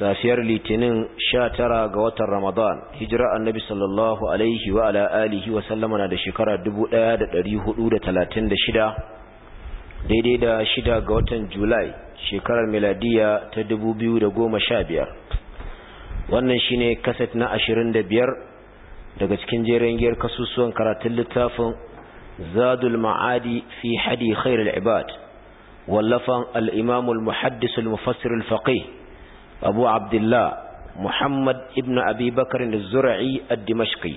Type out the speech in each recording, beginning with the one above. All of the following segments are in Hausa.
safiyar litinin sha tara ga watan ramadan hijira annabi sallallahu alaihi wa ala alihi wa sallama na da shekara shida daidai da shida ga watan julai shekarar miladiya ta sha biyar wannan shine kaset na ashirin da biyar daga cikin jerin giyar kasusuwan karatun littafin zadul ma'adi fi hadi khairul ibad wallafan al-imamul muhaddisul mufassirul faqih abu abdullah muhammad ibn abi bakar zura'i ad-dimashqi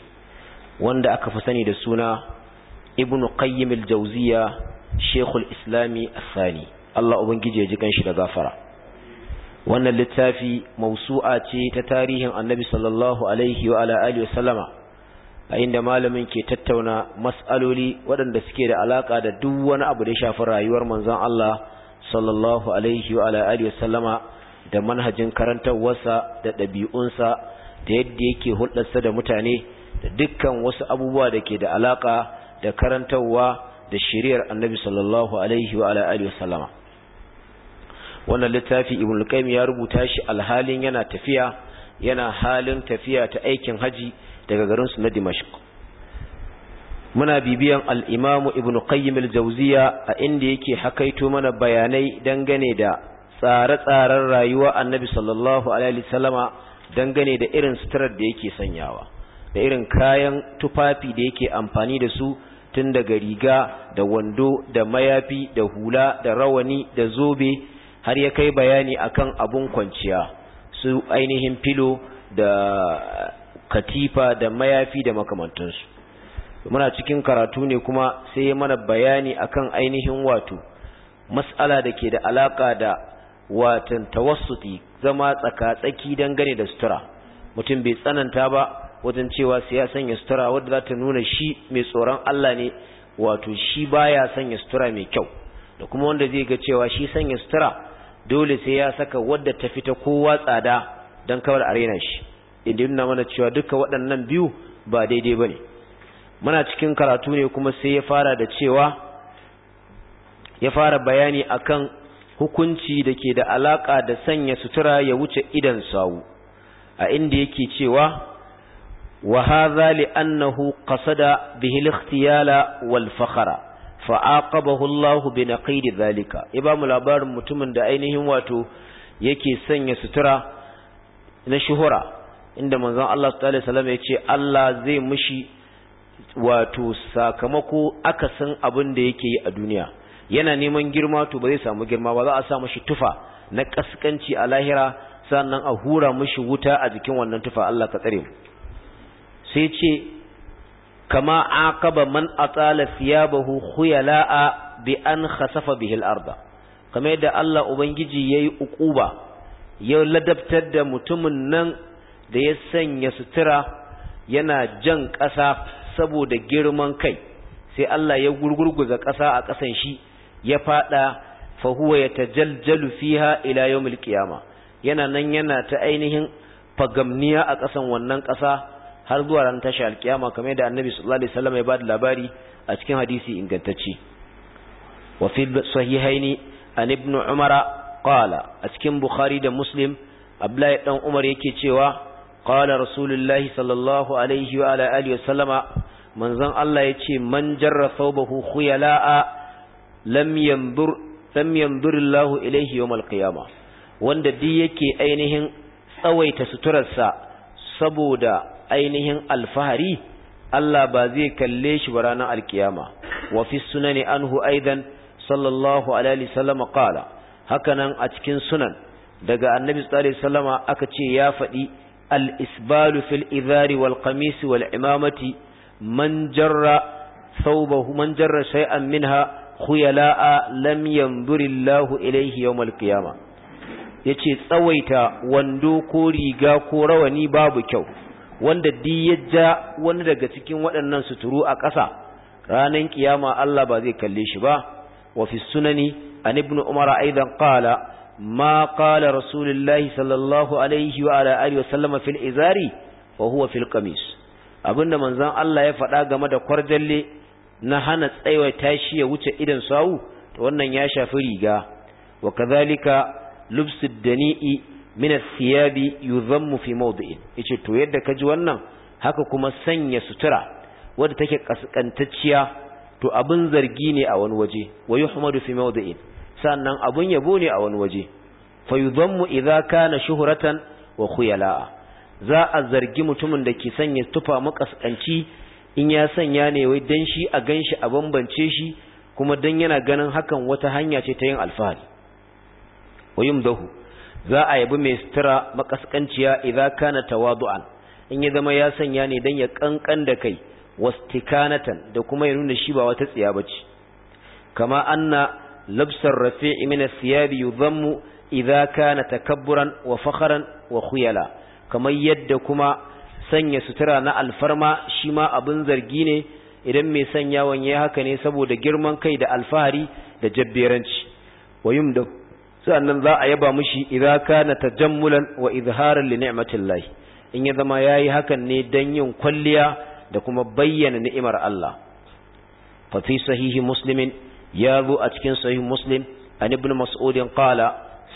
wanda aka fi sani da suna ibn qayyim al-jawziya shekul islami asani allah ubangiji ya ji kanshi da gafara wannan littafi mausu'a ce ta tarihin annabi sallallahu alaihi wa ala wa sallama a inda malamin ke tattauna mas'aloli waɗanda suke da alaka da duk wani abu da ya shafi rayuwar manzon Allah sallallahu alaihi wa ala da manhajin karantarwarsa da ɗabi'unsa da yadda yake hulɗarsa da mutane da dukkan wasu abubuwa da ke da alaƙa da karantarwa da shiriyar annabi sallallahu alaihi wa alaihi wasallama wannan littafi ibn ya rubuta shi alhalin yana tafiya yana halin tafiya ta aikin haji daga garinsu na dimashq muna bibiyan al-imamu ibn qayyim al-jawziya a inda yake hakaito mana bayanai dangane da tsare-tsaren rayuwa annabi sallallahu alaihi wasallama dangane da irin suturar da yake sanyawa da irin kayan tufafi da yake amfani da su tun daga riga da wando da mayafi da hula da rawani da zobe har ya kai bayani akan abun kwanciya su ainihin filo da katifa da mayafi da makamantansu muna cikin karatu ne kuma sai ya mana bayani akan ainihin wato mas'ala da ke da alaka da watan tawassuti zama tsaka-tsaki dangane da sutura mutum bai tsananta ba wajen cewa sai ya sanya sutura wadda za ta nuna shi mai tsoron Allah ne wato shi baya sanya sutura mai kyau da kuma wanda zai ga cewa shi sanya sutura dole sai ya saka wadda ta fita kowa tsada don kawar arena shi inda nuna mana cewa duka waɗannan biyu ba daidai ba ne muna cikin karatu ne kuma sai ya fara da cewa ya fara bayani akan hukunci da ke da alaƙa da sanya sutura ya wuce idan sawu a inda yake cewa wa hadha li annahu qasada bihi al-ikhtiyala wal fakhra fa aqabahu Allahu bi naqid dhalika ibamu labarin mutumin da ainihin wato yake sanya sutura na shuhura inda manzon Allah sallallahu alaihi wasallam ya Allah zai mushi wato sakamako akasin abin da yake yi a duniya yana neman girma to ba zai samu girma ba za a sa mashi tufa na kaskanci a lahira sannan a hura mashi wuta a jikin wannan tufa Allah ka tsare sai ce kama aqaba man atala thiyabahu khuyala'a bi an khasafa bihi al-arda kama yadda Allah ubangiji yayi ukuba ya ladabtar da mutumin nan da ya sanya sutura yana jan ƙasa saboda girman kai sai Allah ya gurgurguza ƙasa a ƙasan shi ya fada fa huwa jaljalu fiha ila yawmil qiyama yana nan yana ta ainihin fagamniya a ƙasan wannan ƙasa har zuwa ran tashi alkiyama kamar da annabi sallallahu alaihi wasallam ya bada labari a cikin hadisi ingantacce wa fi sahihaini an ibnu umara qala a cikin bukhari da muslim abdullahi dan umar yake cewa qala rasulullahi sallallahu alaihi wa ala alihi wasallama manzon Allah yace man jarra thawbahu khuyala'a lam yanzur lam yanzur Allah ilaihi yawmal qiyama wanda duk yake ainihin tsawaita suturarsa saboda ainihin alfahari Allah ba zai kalle shi ba ranar alkiyama wa fi sunani anhu aidan sallallahu alaihi wasallam qala hakanan a cikin sunan daga annabi sallallahu alaihi aka ce ya faɗi al-isbalu fil izari wal qamis wal imamati man jarra thawbahu man jarra shay'an minha khuyala'a lam yanzurillahu ilaihi yawmal qiyama yace tsawaita wando ko riga ko rawani babu kyau wanda di ya ja wani daga cikin waɗannan suturu a ƙasa ranar kiyama Allah ba zai kalle shi ba wa fi sunani an ibn umar aidan qala ma qala rasulullahi sallallahu alaihi wa ala alihi wa sallama fil izari wa huwa fil qamis abinda manzon Allah ya faɗa game da kwarjalle na hana tsaiwa tashi ya wuce idan sawu to wannan ya shafi riga wa kadhalika lubsu dani'i min as-siyabi yuzammu fi mawdi'in yace to yadda ji wannan haka kuma sanya sutura wadda take kaskantacciya to abin zargi ne a wani waje wa yuhmadu fi mawdi'in sannan abun yabo ne a wani waje fa yuzammu idza kana shuhratan wa khuyala za a zargi mutumin da ke sanya tufa makaskanci in ya sanya ne wai dan shi a ganshi a bambance shi kuma dan yana ganin hakan wata hanya ce ta yin alfahari wayum dahu za a yabi mai sutura makaskanciya idza kana tawadu'an in ya zama ya sanya ne dan ya kankan da kai wastikanatan da kuma ya nuna shi ba wata tsiya bace kama anna labsar rafi'i min as-siyabi yudhammu idza kana takabburan wa fakhran wa khuyala kamar yadda kuma sanya sutura na alfarma shi ma abin zargi ne idan mai wani ya haka ne saboda girman kai da alfahari da jabberanci wayum da sannan za a yaba mushi idza kana tajammulan wa izharan li ni'matillahi in ya zama yayi hakan ne dan yin kwalliya da kuma bayyana ni'imar Allah fa fi sahihi muslimin ya zo a cikin sahihi muslim an ibn mas'ud qala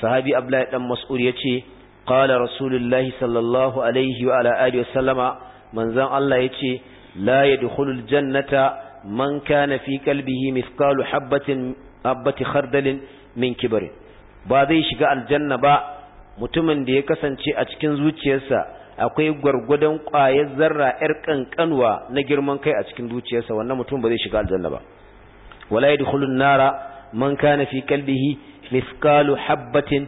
sahabi abdullahi dan mas'ud yace qala rasulullahi sallallahu alaihi wa ala alihi wasallama manzon Allah ya ce la yadkhulul jannata man kana fi qalbihi mithqalu habatin habati khardalin min kibr ba zai shiga aljanna ba mutumin da ya kasance a cikin zuciyarsa akwai gwargwadon ƙwayar zarra ƴar ƙanƙanwa na girman kai a cikin zuciyarsa wannan mutum ba zai shiga aljanna ba wala yadkhulun nara man kana fi qalbihi mithqalu habatin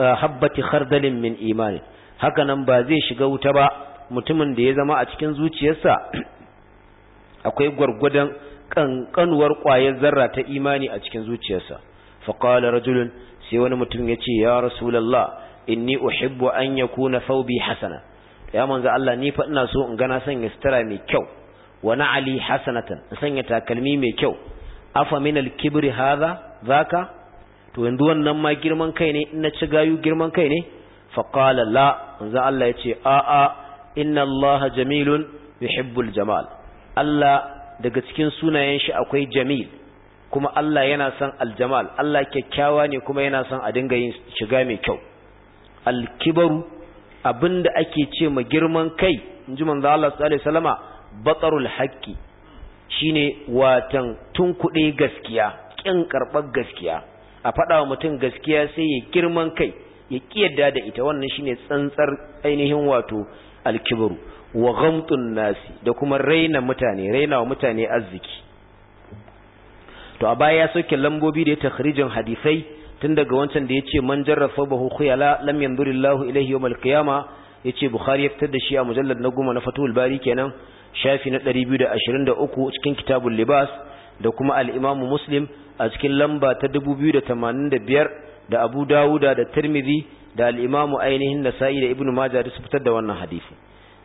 habbati khardalin min imani haka nan ba zai shiga wuta ba mutumin da ya zama a cikin zuciyarsa akwai gwargwadon kankanuwar ƙwayar zarra ta imani a cikin zuciyarsa faqala rajulun sai wani mutum ya ce ya rasulullah inni uhibbu an yakuna thawbi hasana ya manzo Allah ni fa ina so in ga na sanya sitara mai kyau wa na'ali hasanatan in sanya takalmi mai kyau afa min al-kibri hadha zaka to yanzu wannan ma girman kai ne in na ci gayu girman kai ne faqala la manzo Allah yace a a inna Allah jamilun yuhibbul jamal Allah daga cikin sunayen shi akwai jamil kuma Allah yana son aljamal Allah kyakkyawa ne kuma yana son a dinga yin shiga mai kyau alkibaru abinda ake ce ma girman kai inji manzo Allah sallallahu alaihi wasallama batarul haqqi shine watan tunkude gaskiya kin ƙarɓar gaskiya a faɗa wa mutum gaskiya sai ya girman kai ya kiyarda da ita wannan shine tsantsar ainihin wato alkibru wa ghamtun nasi da kuma raina mutane raina wa mutane arziki to a baya ya soke lambobi da ya takhrijin hadisai tun daga wancan da yace man jarrafa bahu khuyala lam yanzurillahu ilayhi yawmal qiyama yace bukhari ya fitar da shi a mujallad na goma na fatul bari kenan shafi na 223 cikin kitabul libas da kuma al imamu muslim a cikin lamba ta 2085 da Abu Dawuda da Tirmidhi da al-Imam ainihin Nasa'i da Ibn Majah da su fitar da wannan hadisi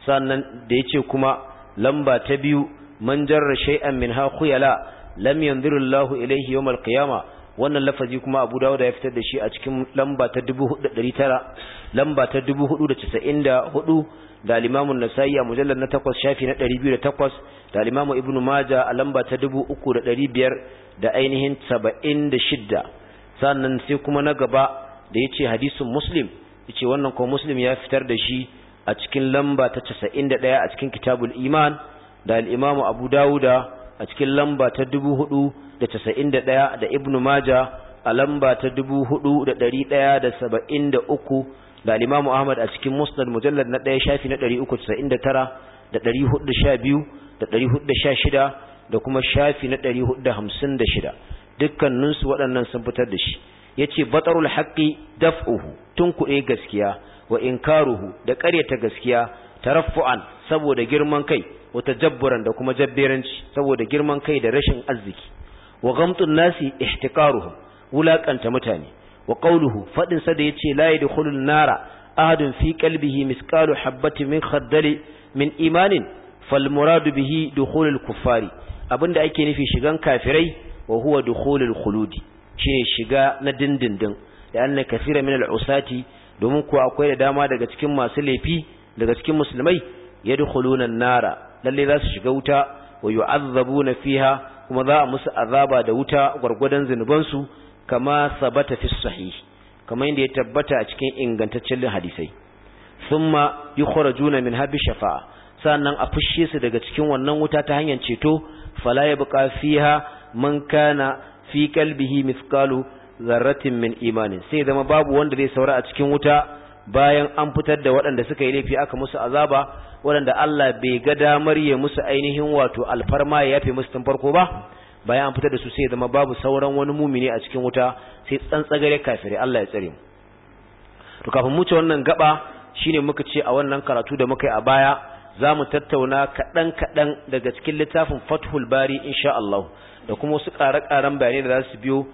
sannan da ya ce kuma lamba ta biyu man jarra shay'an minha khuyala lam yanzurullahu ilaihi ilayhi yawm wannan lafazi kuma abu dawuda ya fitar da shi a cikin lamba ta 4900 lamba ta 494 da alimamun nasayi a mujallar na takwas shafi na 208 da alimamu ibn maja a lamba ta 3500 da ainihin 76 sannan sai kuma na gaba da ya ce hadisin muslim ce wannan kuma muslim ya fitar da shi a cikin lamba ta 91 a cikin kitabul iman da alimamu abu dawuda a cikin lamba ta 4000 da casa'in da ɗaya da ibn maja a lamba ta dubu hudu da ɗari ɗaya da saba'in da uku da alimamu ahmad a cikin musnad mujallar na ɗaya shafi na ɗari uku casa'in da tara da ɗari hudu da sha biyu da ɗari hudu da sha shida da kuma shafi na ɗari hudu da hamsin da shida dukkaninsu waɗannan sun fitar da shi ya ce batarul haƙƙi daf'uhu tun kuɗe gaskiya wa inkaruhu da ƙaryata gaskiya tarafu'an saboda girman kai wata jabburan da kuma jabberanci saboda girman kai da rashin arziki wa ghamtun nasi ihtiqaruhum wulakanta mutane wa qawluhu fadin sa da yace la yadkhulun nara ahadun fi qalbihi misqalu habatin min khaddali min imanin fal muradu bihi dukhulul kuffari abinda ake nufi shigan kafirai wa huwa dukhulul khuludi shine shiga na dindindin da anna kathira min al usati domin ko akwai da dama daga cikin masu laifi daga cikin musulmai yadkhuluna nara lalle za su shiga wuta wa yu'azzabuna fiha kuma za a musu azaba da wuta gwargwadon zunubansu kama sabata fi sahih kamar yadda ya tabbata a cikin ingantaccen hadisai thumma yukhrajuna min habi shafa'a sannan a fushe su daga cikin wannan wuta ta hanyar ceto fala yabqa fiha man kana fi qalbihi mithqalu zarratin min imanin sai zama babu wanda zai saura a cikin wuta bayan an fitar da waɗanda suka yi laifi aka musu azaba waɗanda Allah bai ga damar ya musu ainihin wato alfarma ya yafe musu tun farko ba bayan an fitar da su sai zama babu sauran wani mumini a cikin wuta sai tsantsagare kafire Allah ya tsare mu to kafin mu ci wannan gaba shine muka ce a wannan karatu da muka yi a baya za mu tattauna kaɗan kaɗan daga cikin littafin fathul bari insha Allah da kuma wasu ƙare-ƙaren bayanai da za su biyo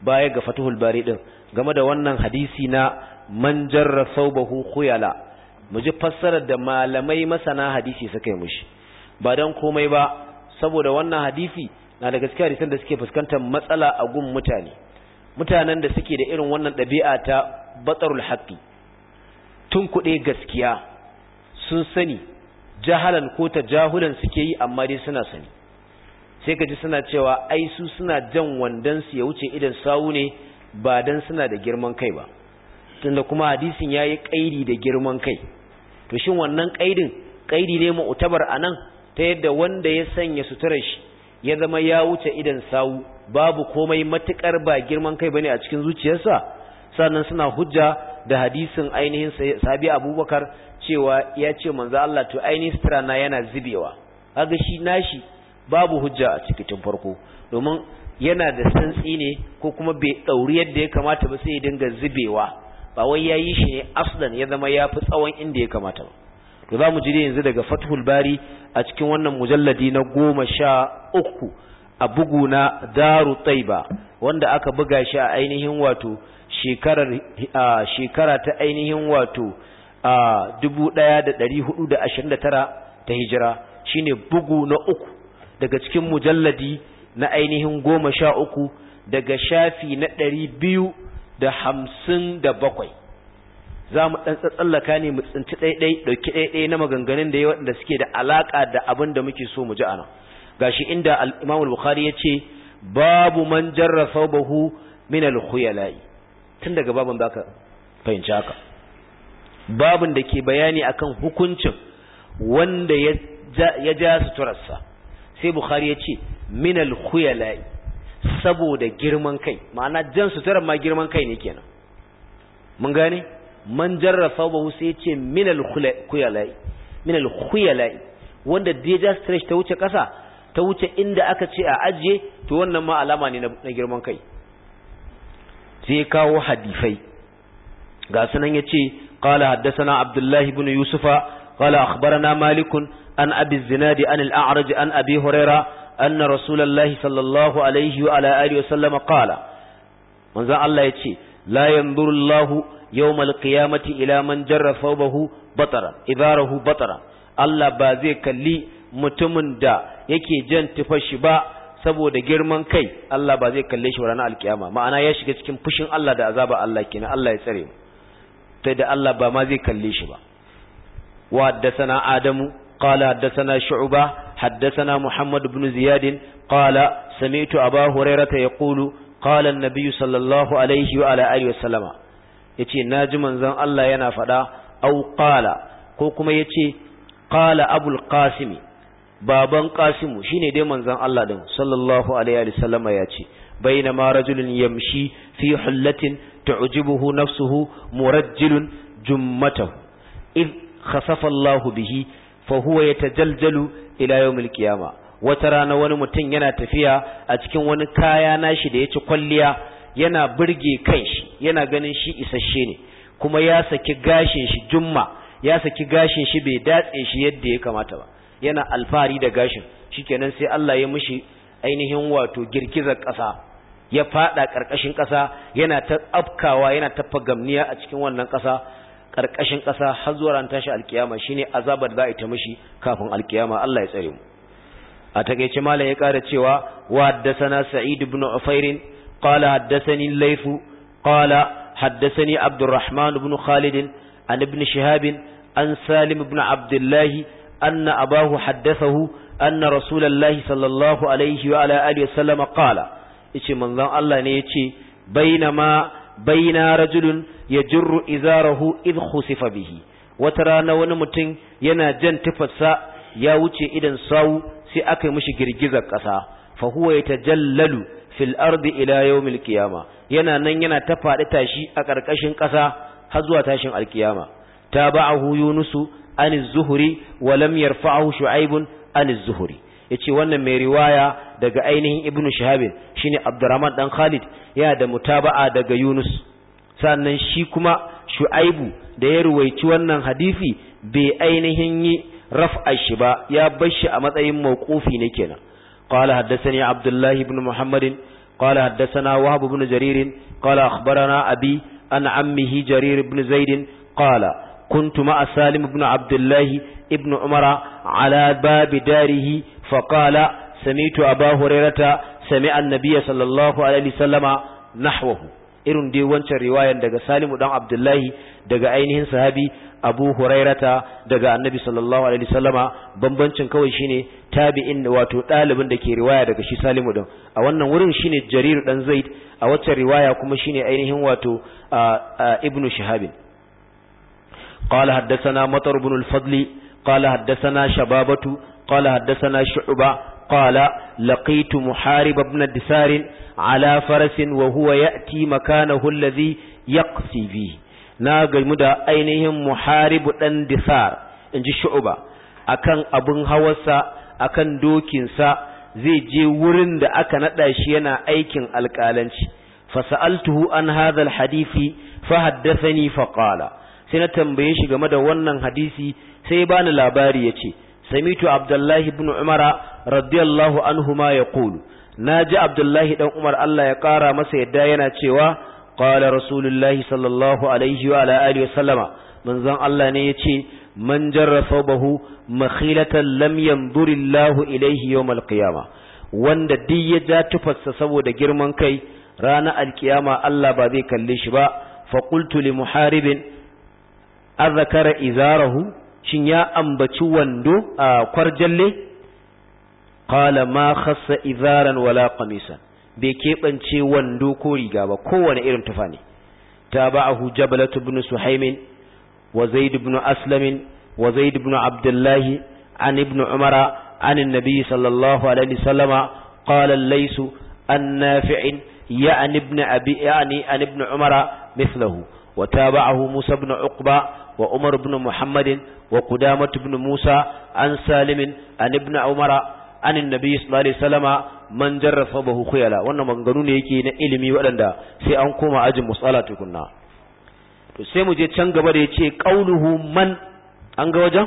baya ga fathul bari din game da wannan hadisi na man jarra saubahu khuyala mu ji fassarar da malamai masana hadisi suka yi mushi ba don komai ba saboda wannan hadisi na da gaskiya hadisan da suke fuskantar matsala a gun mutane mutanen da suke da irin wannan ɗabi'a ta batsarul haqqi tun kuɗe gaskiya sun sani jahalan ko ta jahulan suke yi amma dai suna sani sai ka ji suna cewa ai su suna jan wandan su ya wuce idan sawu ne ba dan suna da girman kai ba tunda kuma hadisin yayi ƙairi da girman kai to shin wannan kaidin kaidi ne utabar anan ta yadda wanda ya sanya suturar shi ya zama ya wuce idan sawu babu komai matukar ba girman kai bane a cikin zuciyarsa sannan suna hujja da hadisin ainihin sahabi abubakar cewa ya ce manzo Allah to ainihin sutura na yana zubewa kaga shi nashi babu hujja a cikin farko domin yana da santsi ne ko kuma bai dauri yadda ya kamata ba sai ya dinga zubewa ba wai yi shi ne aslan ya zama ya fi tsawon inda ya kamata ba to za mu ji yanzu daga fathul bari a cikin wannan mujalladi na goma sha uku a bugu na daru taiba wanda aka buga shi a ainihin wato shekarar shekara ta ainihin wato a tara ta hijira shine bugu na uku daga cikin mujalladi na ainihin goma sha uku daga shafi na ɗari biyu da hamsin da bakwai za mu ɗan tsallaka ne mu tsinci ɗaiɗai ɗauki ɗaiɗai na maganganun da ya waɗanda suke da alaƙa da abin da muke so mu ji ana gashi inda al'imam al-Bukhari ya ce babu man jarra saubahu min al-khuyala'i tun daga babin baka fahimci haka babin da ke bayani akan hukuncin wanda ya ja suturarsa sai Bukhari ya ce min al-khuyala'i saboda girman kai ma'ana jan suturar ma girman kai ne kenan mun gane man jarrafa ba sai ce min khuyalai min khuyalai wanda deja stretch ta wuce kasa ta wuce inda aka ce a ajiye to wannan ma alama ne na girman kai sai kawo hadifai ga sunan yace qala haddathana abdullahi ibn yusufa qala akhbarana malikun an abi zinadi an al an abi hurairah أن رسول الله صلى الله عليه وعلى آله وسلم قال منذ الله يتشي لا ينظر الله يوم القيامة إلى من جر فوبه بطرا إذاره بطرا الله بازي كلي متمن دا يكي جن تفشبا saboda girman kai Allah ba zai kalle shi ranar alkiyama ma'ana ya shiga cikin fushin Allah da azaba Allah kenan Allah ya tsare mu sai da Allah ba ma zai kalle shi ba wa haddathana adamu qala haddathana shu'ba حدثنا محمد بن زياد قال سمعت أبا هريرة يقول قال النبي صلى الله عليه وعلى آله وسلم يتي ناجم زن الله ينافدا أو قال كوكما يتي قال أبو القاسم baban Qasimu shine dai manzon Allah din sallallahu alaihi wa sallama yace bainama rajulun yamshi fi hullatin tu'jibuhu nafsuhu murajjilun jummatahu id khasafa Allah bihi fa huwa yatajaljalu ila yawmil qiyama wata rana wani mutum yana tafiya a cikin wani kaya nashi da ya ci kwalliya yana burge kanshi yana ganin shi isasshe ne kuma ya saki gashin shi jumma ya saki gashin shi bai datse shi yadda ya kamata ba yana alfahari da gashin shikenan sai Allah ya mishi ainihin wato girgizar ƙasa ya faɗa ƙarƙashin ƙasa yana ta afkawa yana ta fagamniya a cikin wannan ƙasa ƙarƙashin ƙasa har zuwa ran tashi alkiyama shine azabar da za a ta mishi kafin alkiyama Allah ya tsare mu a takeice malam ya ƙara cewa wa haddathana sa'id ibn ufair qala haddathani al qala haddathani abdurrahman ibn khalid an ibn shihab an salim ibn abdullah anna abahu haddathahu anna rasulullahi sallallahu alaihi wa ala alihi wa sallama qala yace manzon Allah ne yace bainama baina rajulun jirru izarahu idh khusifa bihi wata rana wani mutum yana jan tufarsa ya wuce idan sawu sai aka yi mishi girgizar ƙasa fa huwa yatajallalu fil ardi ila yawmil qiyama yana nan yana ta faɗi tashi a ƙarƙashin ƙasa har zuwa tashin alkiyama tabahu yunusu an az-zuhri wa lam yarfa'ahu shu'aibun an zuhuri. ya ce wannan mai riwaya daga ainihin ibnu shahabin shine abdurrahman dan khalid yana da mutaba'a daga yunus sannan shi kuma shu'aibu da ya ruwaici wannan hadisi bai ainihin yi raf'a shi ba ya bar shi a matsayin mawqufi ne kenan qala haddathani abdullahi ibn muhammadin qala haddathana wahab ibn jarir qala akhbarana abi an ammihi jarir ibn zaid qala كنت مع سالم بن عبد الله ابن عمر على باب داره فقال Samitu أبا هريرة سمع النبي صلى الله عليه وسلم نحوه irin dai wancan riwayan daga Salimu ɗan Abdullahi daga ainihin sahabi Abu Hurairata daga Annabi sallallahu alaihi wasallama bambancin kawai shine tabi'in wato dalibin da ke riwaya daga shi Salimu din a wannan wurin shine Jarir dan Zaid a waccan riwaya kuma shine ainihin wato Ibn Shihab قال حدثنا مطر بن الفضل قال حدثنا Shababatu. قال حدثنا شعبة قال لقيت محارب بن دسار على فرس وهو يأتي مكانه الذي يقصي فيه ناقل مدى أينهم محارب بن دسار انجي شعبة أكان أبن هوسا أكان دوكنسا zai je wurin da aka nada shi yana aikin alƙalanci fasa'altuhu an hadha hadisi fa haddathani fa qala sai na tambaye shi game da wannan hadisi sai bani labari yace samitu abdullahi ibn umara radiyallahu anhuma yaqulu naji abdullahi dan umar Allah ya kara masa yadda yana cewa qala rasulullahi sallallahu alaihi wa ala alihi wa sallama manzon Allah ne ya ce man jarra thawbahu makhilatan lam yanzurillahu ilaihi yawmal qiyamah wanda duk ya ja tufarsa saboda girman kai ranar alkiyama Allah ba zai kalle shi ba faƙultu li muharibin an izarahu shin ya ambaci wando a kwarjalle qala ma khassa izaran wala qamisan bai keɓance wando ko riga ba kowane irin tufa ne tabahu jabalat ibn suhaymin wa zaid ibn aslam wa zaid ibn abdullah an ibn umara عن النبي صلى الله عليه وسلم قال الليث النافع يعني ابن أبي يعني عن ابن عمر مثله وتابعه موسى بن عقبة وعمر بن محمد وقدامة بن موسى عن سالم عن ابن عمر عن النبي صلى الله عليه وسلم man jarrafa bahu khuyala wannan maganganu ne yake na ilimi waɗanda sai an koma ajin tsala tukunna to sai mu je can gaba da yace qauluhu man an ga wajen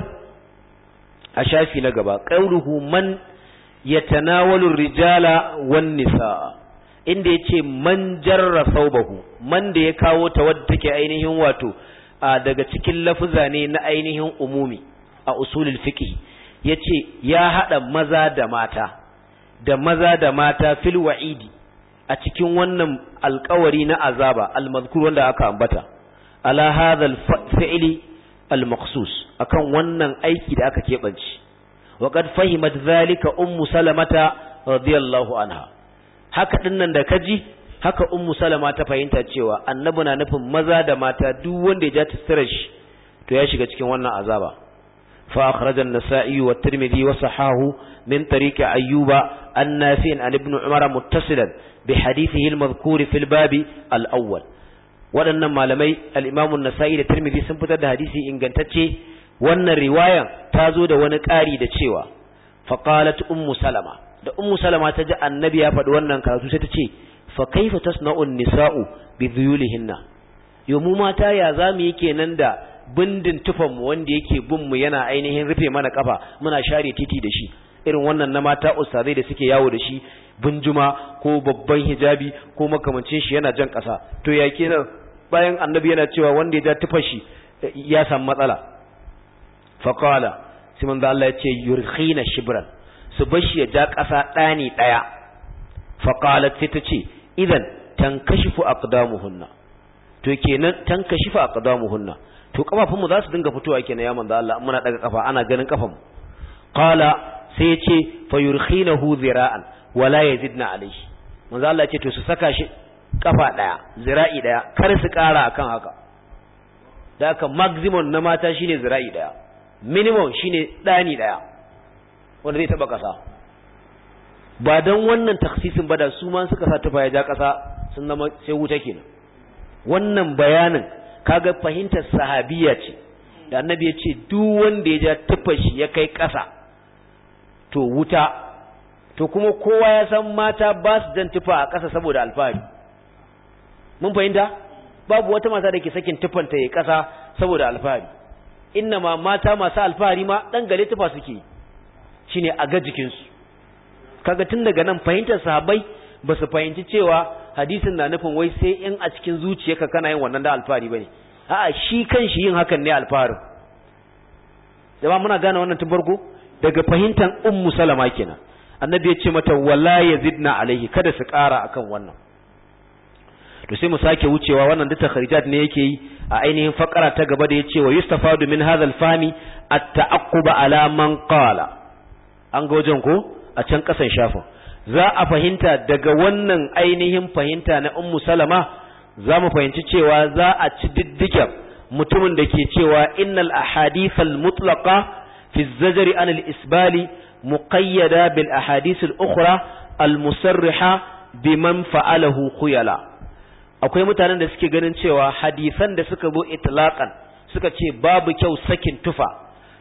a shafi na gaba qauluhu man yatanawalu rijala wan nisaa inda yace man jarrafa bahu man da ya kawo ta wadda take ainihin wato A daga cikin lafuza ne na ainihin umumi a usulul ya yace ya hada maza da mata da maza da mata fil wa'idi a cikin wannan alkawari na azaba almazkur wanda aka ambata ala hadhal fi'li almaqsus akan wannan aiki da aka kebanci wa qad fahimat zalika ummu salamata radiyallahu anha haka dinnan da kaji haka ummu salama ta fahimta cewa annabi na nufin maza da mata duk wanda ya ja tattarar shi to ya shiga cikin wannan azaba fa akhraja an-nasa'i wa tirmidhi wa sahahu min tariqi ayyuba an-nafi'in an ibn umara muttasilan bi hadithihi al-madhkur fi al-bab al-awwal waɗannan malamai al-imam an-nasa'i da tirmidhi sun fitar da hadisi ingantacce wannan riwayan ta zo da wani ƙari da cewa faqalat ummu salama da ummu salama ta ji annabi ya faɗi wannan karatu sai ta ce fa kaifa tasna'u nisa'u bi dhuyulihinna yo mu mata ya zamu yake kenan da bindin tufan mu wanda yake bin mu yana ainihin rufe mana kafa muna share titi da shi irin wannan na mata ustazai da suke yawo da shi bunjuma ko babban hijabi ko makamancin shi yana jan kasa to ya kenan bayan annabi yana cewa wanda ya ja tufan shi eh, ya samu matsala faqala sai manzo Allah ya ce yurkhina shibran su bashi ya ja kasa dani daya faqalat sai ta ce idan tankashifu aqdamuhunna to kenan tankashifu aqdamuhunna to kafafunmu za su dinga fitowa kenan ya manzo Allah muna daga kafa ana ganin kafan qala sai yace fayurkhinahu zira'an wala yazidna alayhi manzo Allah yace to su saka shi kafa daya zira'i daya kar su kara akan haka da haka maximum na mata shine zira'i daya minimum shine dani daya wanda zai taba kasa ba don wannan taksisin ba da su ma suka sa tufa ya ja ƙasa sun zama sai wuta kenan wannan bayanin kaga fahimtar sahabiya ce da annabi ya ce duk wanda ya ja tufa shi ya kai ƙasa to wuta to kuma kowa ya san mata ba su jan tufa a ƙasa saboda alfahari mun fahimta babu wata mata da ke sakin tufanta ya ƙasa saboda alfahari inna ma mata masu alfahari ma dan gare tufa suke shine a ga jikinsu kaga tun daga nan fahimtar sahabbai ba su fahimci cewa hadisin na nufin wai sai in a cikin zuciyarka kana yin wannan da alfahari bane a'a shi kan shi yin hakan ne alfaharin jama muna gane wannan tun farko daga fahimtar ummu salama kenan annabi ya ce mata wala yazidna alaihi kada su ƙara akan wannan to sai mu sake wucewa wannan duk takharijat ne yake yi a ainihin fakara ta gaba da yace wa yustafadu min hadha fami, at-ta'aqqub ala man qala an ga wajen ko a can ƙasan shafin za a fahimta daga wannan ainihin fahimta na ummu salama za mu fahimci cewa za a ci diddiken mutumin da ke cewa innal ahadithal mutlaqa fi zajari an al isbali muqayyada bil ahadith al ukhra al musarriha biman fa'alahu khuyala akwai mutanen da suke ganin cewa hadisan da suka zo itlaqan suka ce babu kyau sakin tufa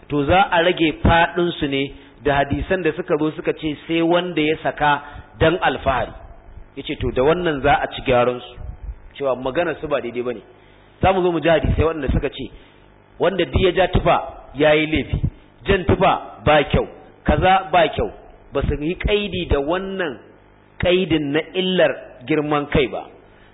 to za a rage fadin su ne da hadisan da suka zo suka ce sai wanda ya saka dan alfahari yace to da wannan za a ci gyaran su cewa magana su ba daidai bane za mu zo mu ji hadisai waɗanda suka ce wanda duk ya ja tufa yayi laifi jan tufa ba kyau kaza ba kyau ba su yi kaidi da wannan kaidin na illar girman kai ba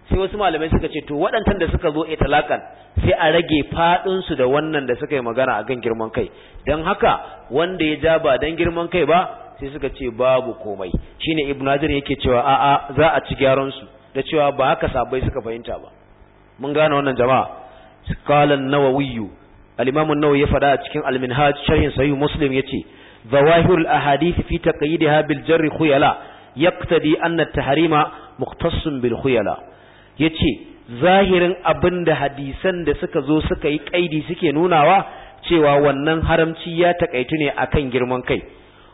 sai wasu malamai suka ce to waɗantan da suka zo a italakan sai a rage faɗin su da wannan da suka yi magana a akan girman kai dan haka wanda ya ja ba dan girman kai ba sai suka ce babu komai shine ibnu hajar yake cewa a za a ci gyaran su da cewa ba haka sabai suka fahimta ba mun gane wannan jama'a qala an-nawawi al-imam an-nawawi ya fada a cikin al-minhaj sharhin sahih muslim yace zawahir al-ahadith fi taqyidha bil jarr khuyala yaqtadi anna at-tahrima mukhtassun bil khuyala ya ce zahirin abin da hadisan da suka zo suka yi kaidi suke nunawa cewa wannan haramci ya taƙaitu ne akan girman kai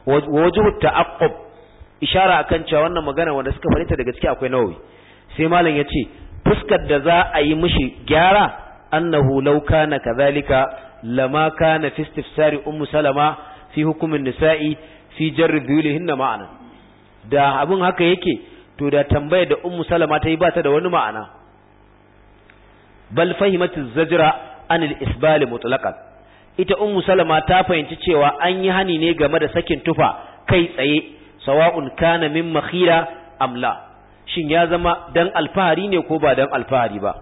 wajen ta'aqqub ishara akan cewa wannan magana wanda suka farita daga ciki akwai nawawi sai malam ya ce fuskar da za a yi mishi gyara annahu law kana kadhalika lama kana fi istifsari ummu salama fi hukumin nisa'i fi jarri dhuyulihinna ma'ana da abin haka yake to da tambayar da ummu salama ta yi ba ta da wani ma'ana bal fahimatu zajra an al-isbal mutlaqan ita ummu salama ta fahimci cewa an yi hani ne game da sakin tufa kai tsaye sawa'un kana min makhira amla shin ya zama dan alfahari ne ko ba dan alfahari ba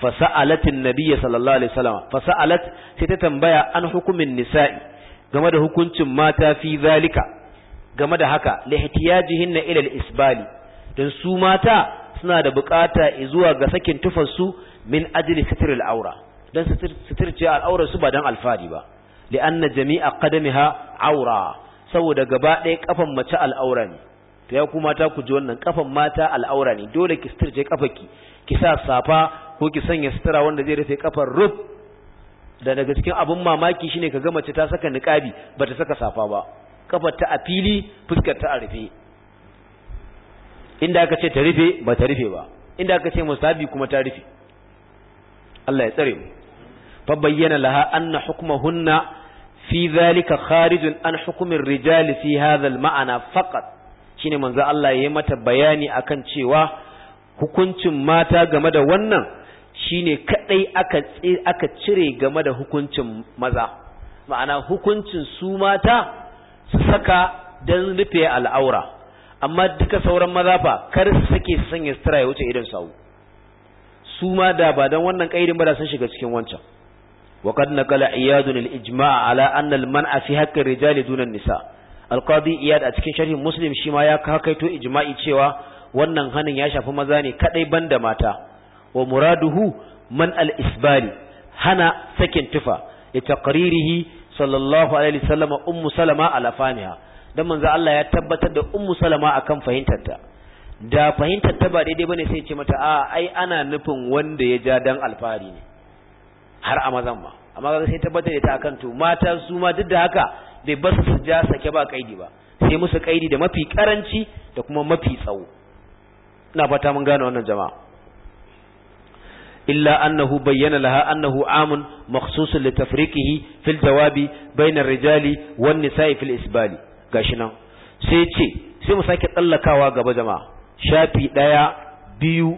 fasa'alatin nabiyyi sallallahu alaihi wasallam fasa'alat sai ta tambaya an hukumin nisa'i game da hukuncin mata fi zalika game da haka lihtiyajihinna ila al-isbali don su mata suna da bukata zuwa ga sakin tufarsu min ajli sitir al'aura don sitirce al'aura su ba don alfari ba li'anna jami'a qadamiha aura saboda gaba ɗaya kafan mace al'aura ne to ya kuma ta ku ji wannan kafan mata al'aura ne dole ki sitirce kafaki ki sa safa ko ki sanya sutura wanda zai rufe kafar rub da daga cikin abin mamaki shine ka ga mace ta saka niqabi bata saka safa ba kafar ta a fili fuskar ta a rufe inda aka ce ta rufe ba ta rufe ba inda aka ce musabi kuma ta rufe Allah ya tsare mu fa bayyana laha anna hukmahunna fi zalika kharijun an hukumin rijali fi hadha al-ma'ana faqat shine manzo Allah ya yi mata bayani akan cewa hukuncin mata game da wannan shine kadai aka aka cire game da hukuncin maza ma'ana hukuncin su mata su saka dan rufe al'aura amma duka sauran maza fa kar su sake sanya sutura ya wuce idan sawu su ma da ba dan wannan kaidin ba da sun shiga cikin wancan wa qad naqala iyadun al ijma' ala anna al man'a fi haqqi rijali duna nisa al qadi iyad a cikin sharhin muslim shi ma ya kakaito ijma'i cewa wannan hanin ya shafi maza ne kadai banda mata wa muraduhu man al isbali hana sakin tufa li taqririhi sallallahu alaihi wasallam ummu salama ala famiha dan manzo Allah ya tabbatar da ummu salama akan fahimtarta da fahimtar ta ba daidai bane sai ce mata a ai ana nufin wanda ya ja dan alfari ne har a mazan ma amma ga sai tabbatar da ta akan to mata su ma duk da haka bai bar su ja sake ba kaidi ba sai musu kaidi da mafi karanci da kuma mafi tsawo ina fata mun gane wannan jama'a Illa Annahu bayyana بين Annahu أنه عام مخصوص fil jawabi: Bainar Rijali, wan nisa'i fil isbali. gashi nan sai ce sai mu sake tsallakawa gaba jama'a shafi ɗaya biyu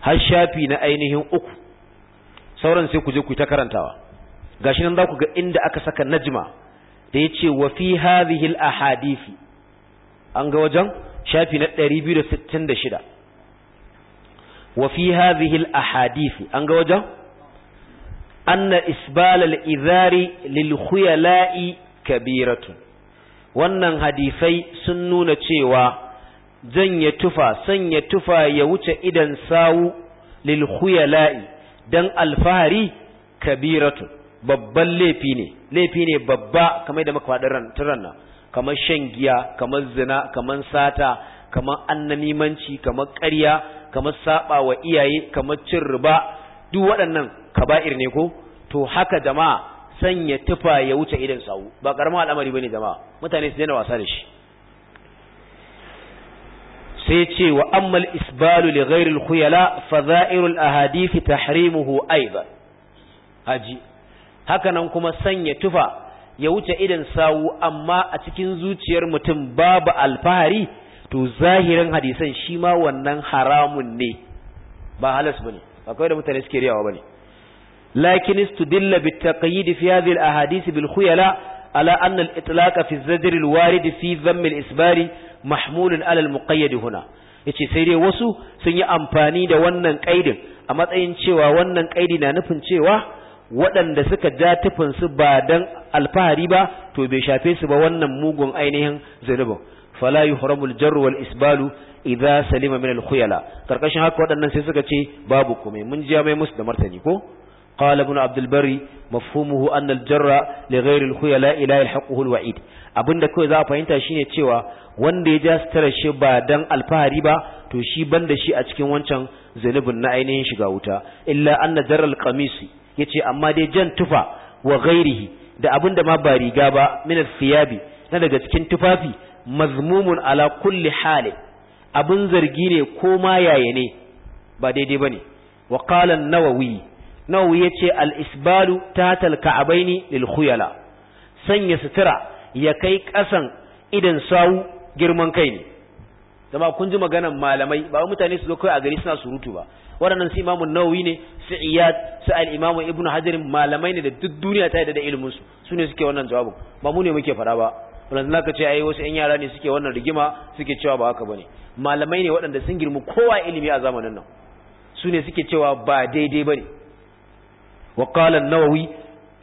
har shafi na ainihin uku sauran sai ku je ku ta karantawa gashi nan za ku ga inda aka saka najma da ya ce wa fi hadhihi al ahadithi an ga wajen shafi na 266 wa fi hadhihi al ahadithi an ga wajen anna isbal al idhari lil khuyala'i kabiratun wannan hadisai sun nuna cewa zan ya tufa sanya tufa ya wuce idan sawu lil khuyala'i dan alfahari kabiratu babban laifi ne laifi ne babba kamar da muka faɗi ran kamar shan giya kamar zina kamar sata kamar annamimanci kamar ƙarya kamar saba wa iyaye kamar cin riba duk waɗannan kaba'ir ne ko to haka jama'a sanya tufa ya wuce idan sawu ba karamin al'amari bane jama'a mutane su daina wasa da shi sai ce wa ammal isbalu li ghairi khuyala fa za'irul ahadith tahrimuhu aidan haji haka nan kuma sanya tufa ya wuce idan sawu amma a cikin zuciyar mutum babu alfahari to zahirin hadisan shi ma wannan haramun ne ba halas bane akwai da mutane suke riyawa bane lakin istudilla bitaqyid fi hadhihi al-ahadith bil khuyala ala anna al-itlaq fi az-zajr al-warid fi dhamm al-isbari mahmul alal al-muqayyad huna yace sai dai wasu sun yi amfani da wannan kaidin a matsayin cewa wannan kaidi na nufin cewa waɗanda suka ja tufinsu ba dan alfahari ba to bai shafe su ba wannan mugun ainihin zanubin fala yuhramul jarru isbalu idza salima min kuyala khuyala haka waɗannan sai suka ce babu komai mun ji mai musu da martani ko قال ابن عبد البر مفهومه أن الجر لغير الخيلاء لا يلحقه الوعيد abinda kawai za a fahimta shine cewa wanda ya ja sutura shi ba dan alfahari ba to shi banda shi a cikin wancan zunubin na ainihin shiga wuta illa anna jarral ya yace amma dai jan tufa wa ghairihi da abinda ma ba riga ba min thiyabi na daga cikin tufafi mazmumun ala kulli hali abin zargi ne ko ma yaya ne ba daidai bane wa qala an-nawawi nawu ya ce al'isbalu ta talka abaini lilkhuyala sanya sutura ya kai ƙasan idan sawu girman kai ne zama kun ji maganan malamai ba mutane su zo kai a gari suna surutu ba waɗannan su imamu nawawi ne su iyad su al'imamu ibn hajarin malamai ne da duk duniya ta yadda da ilimin su ne suke wannan jawabin ba mu ne muke fara ba wannan ka ce ai wasu 'yan yara ne suke wannan rigima suke cewa ba haka bane malamai ne waɗanda sun girmu kowa ilimi a zamanin nan su ne suke cewa ba daidai bane wa qala an-nawawi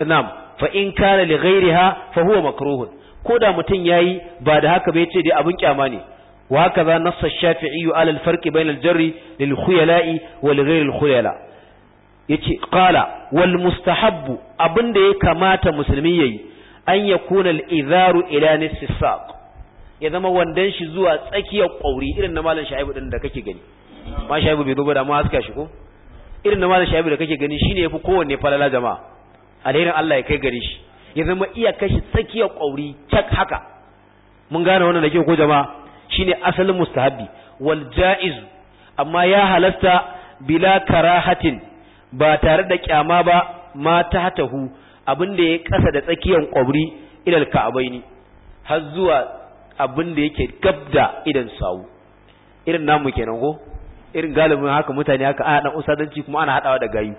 na'am fa in kana li ghayriha fa huwa makruhun koda mutun yayi ba da haka ba yace dai abun kyama ne wa haka za nassa shafi'i ala al-farq bayna al-jarri lil khuyala'i wa li ghayri al-khuyala yace qala wal mustahabbu abinda ya kamata musulmi yayi an yakuna al-idharu ila ya zama wandan shi zuwa tsakiyar kwauri irin na malam shaibu din da kake gani ma shaibu bai gobe da ma haska shi irin na shabi da kake gani shine yafi kowanne falala jama'a alherin Allah ya kai gare shi ya zama iya kashi tsakiyar kwauri cak haka mun gane wannan da ke ko jama'a shine asalin mustahabi wal jaiz amma ya halasta bila karahatin ba tare da kyama ba ma ta abin da ya kasa da tsakiyar kwauri ilal ka'abaini har zuwa abinda da yake gabda idan sawu irin namu kenan ko irin galibin haka mutane haka ana dan usadanci kuma ana hadawa da gayu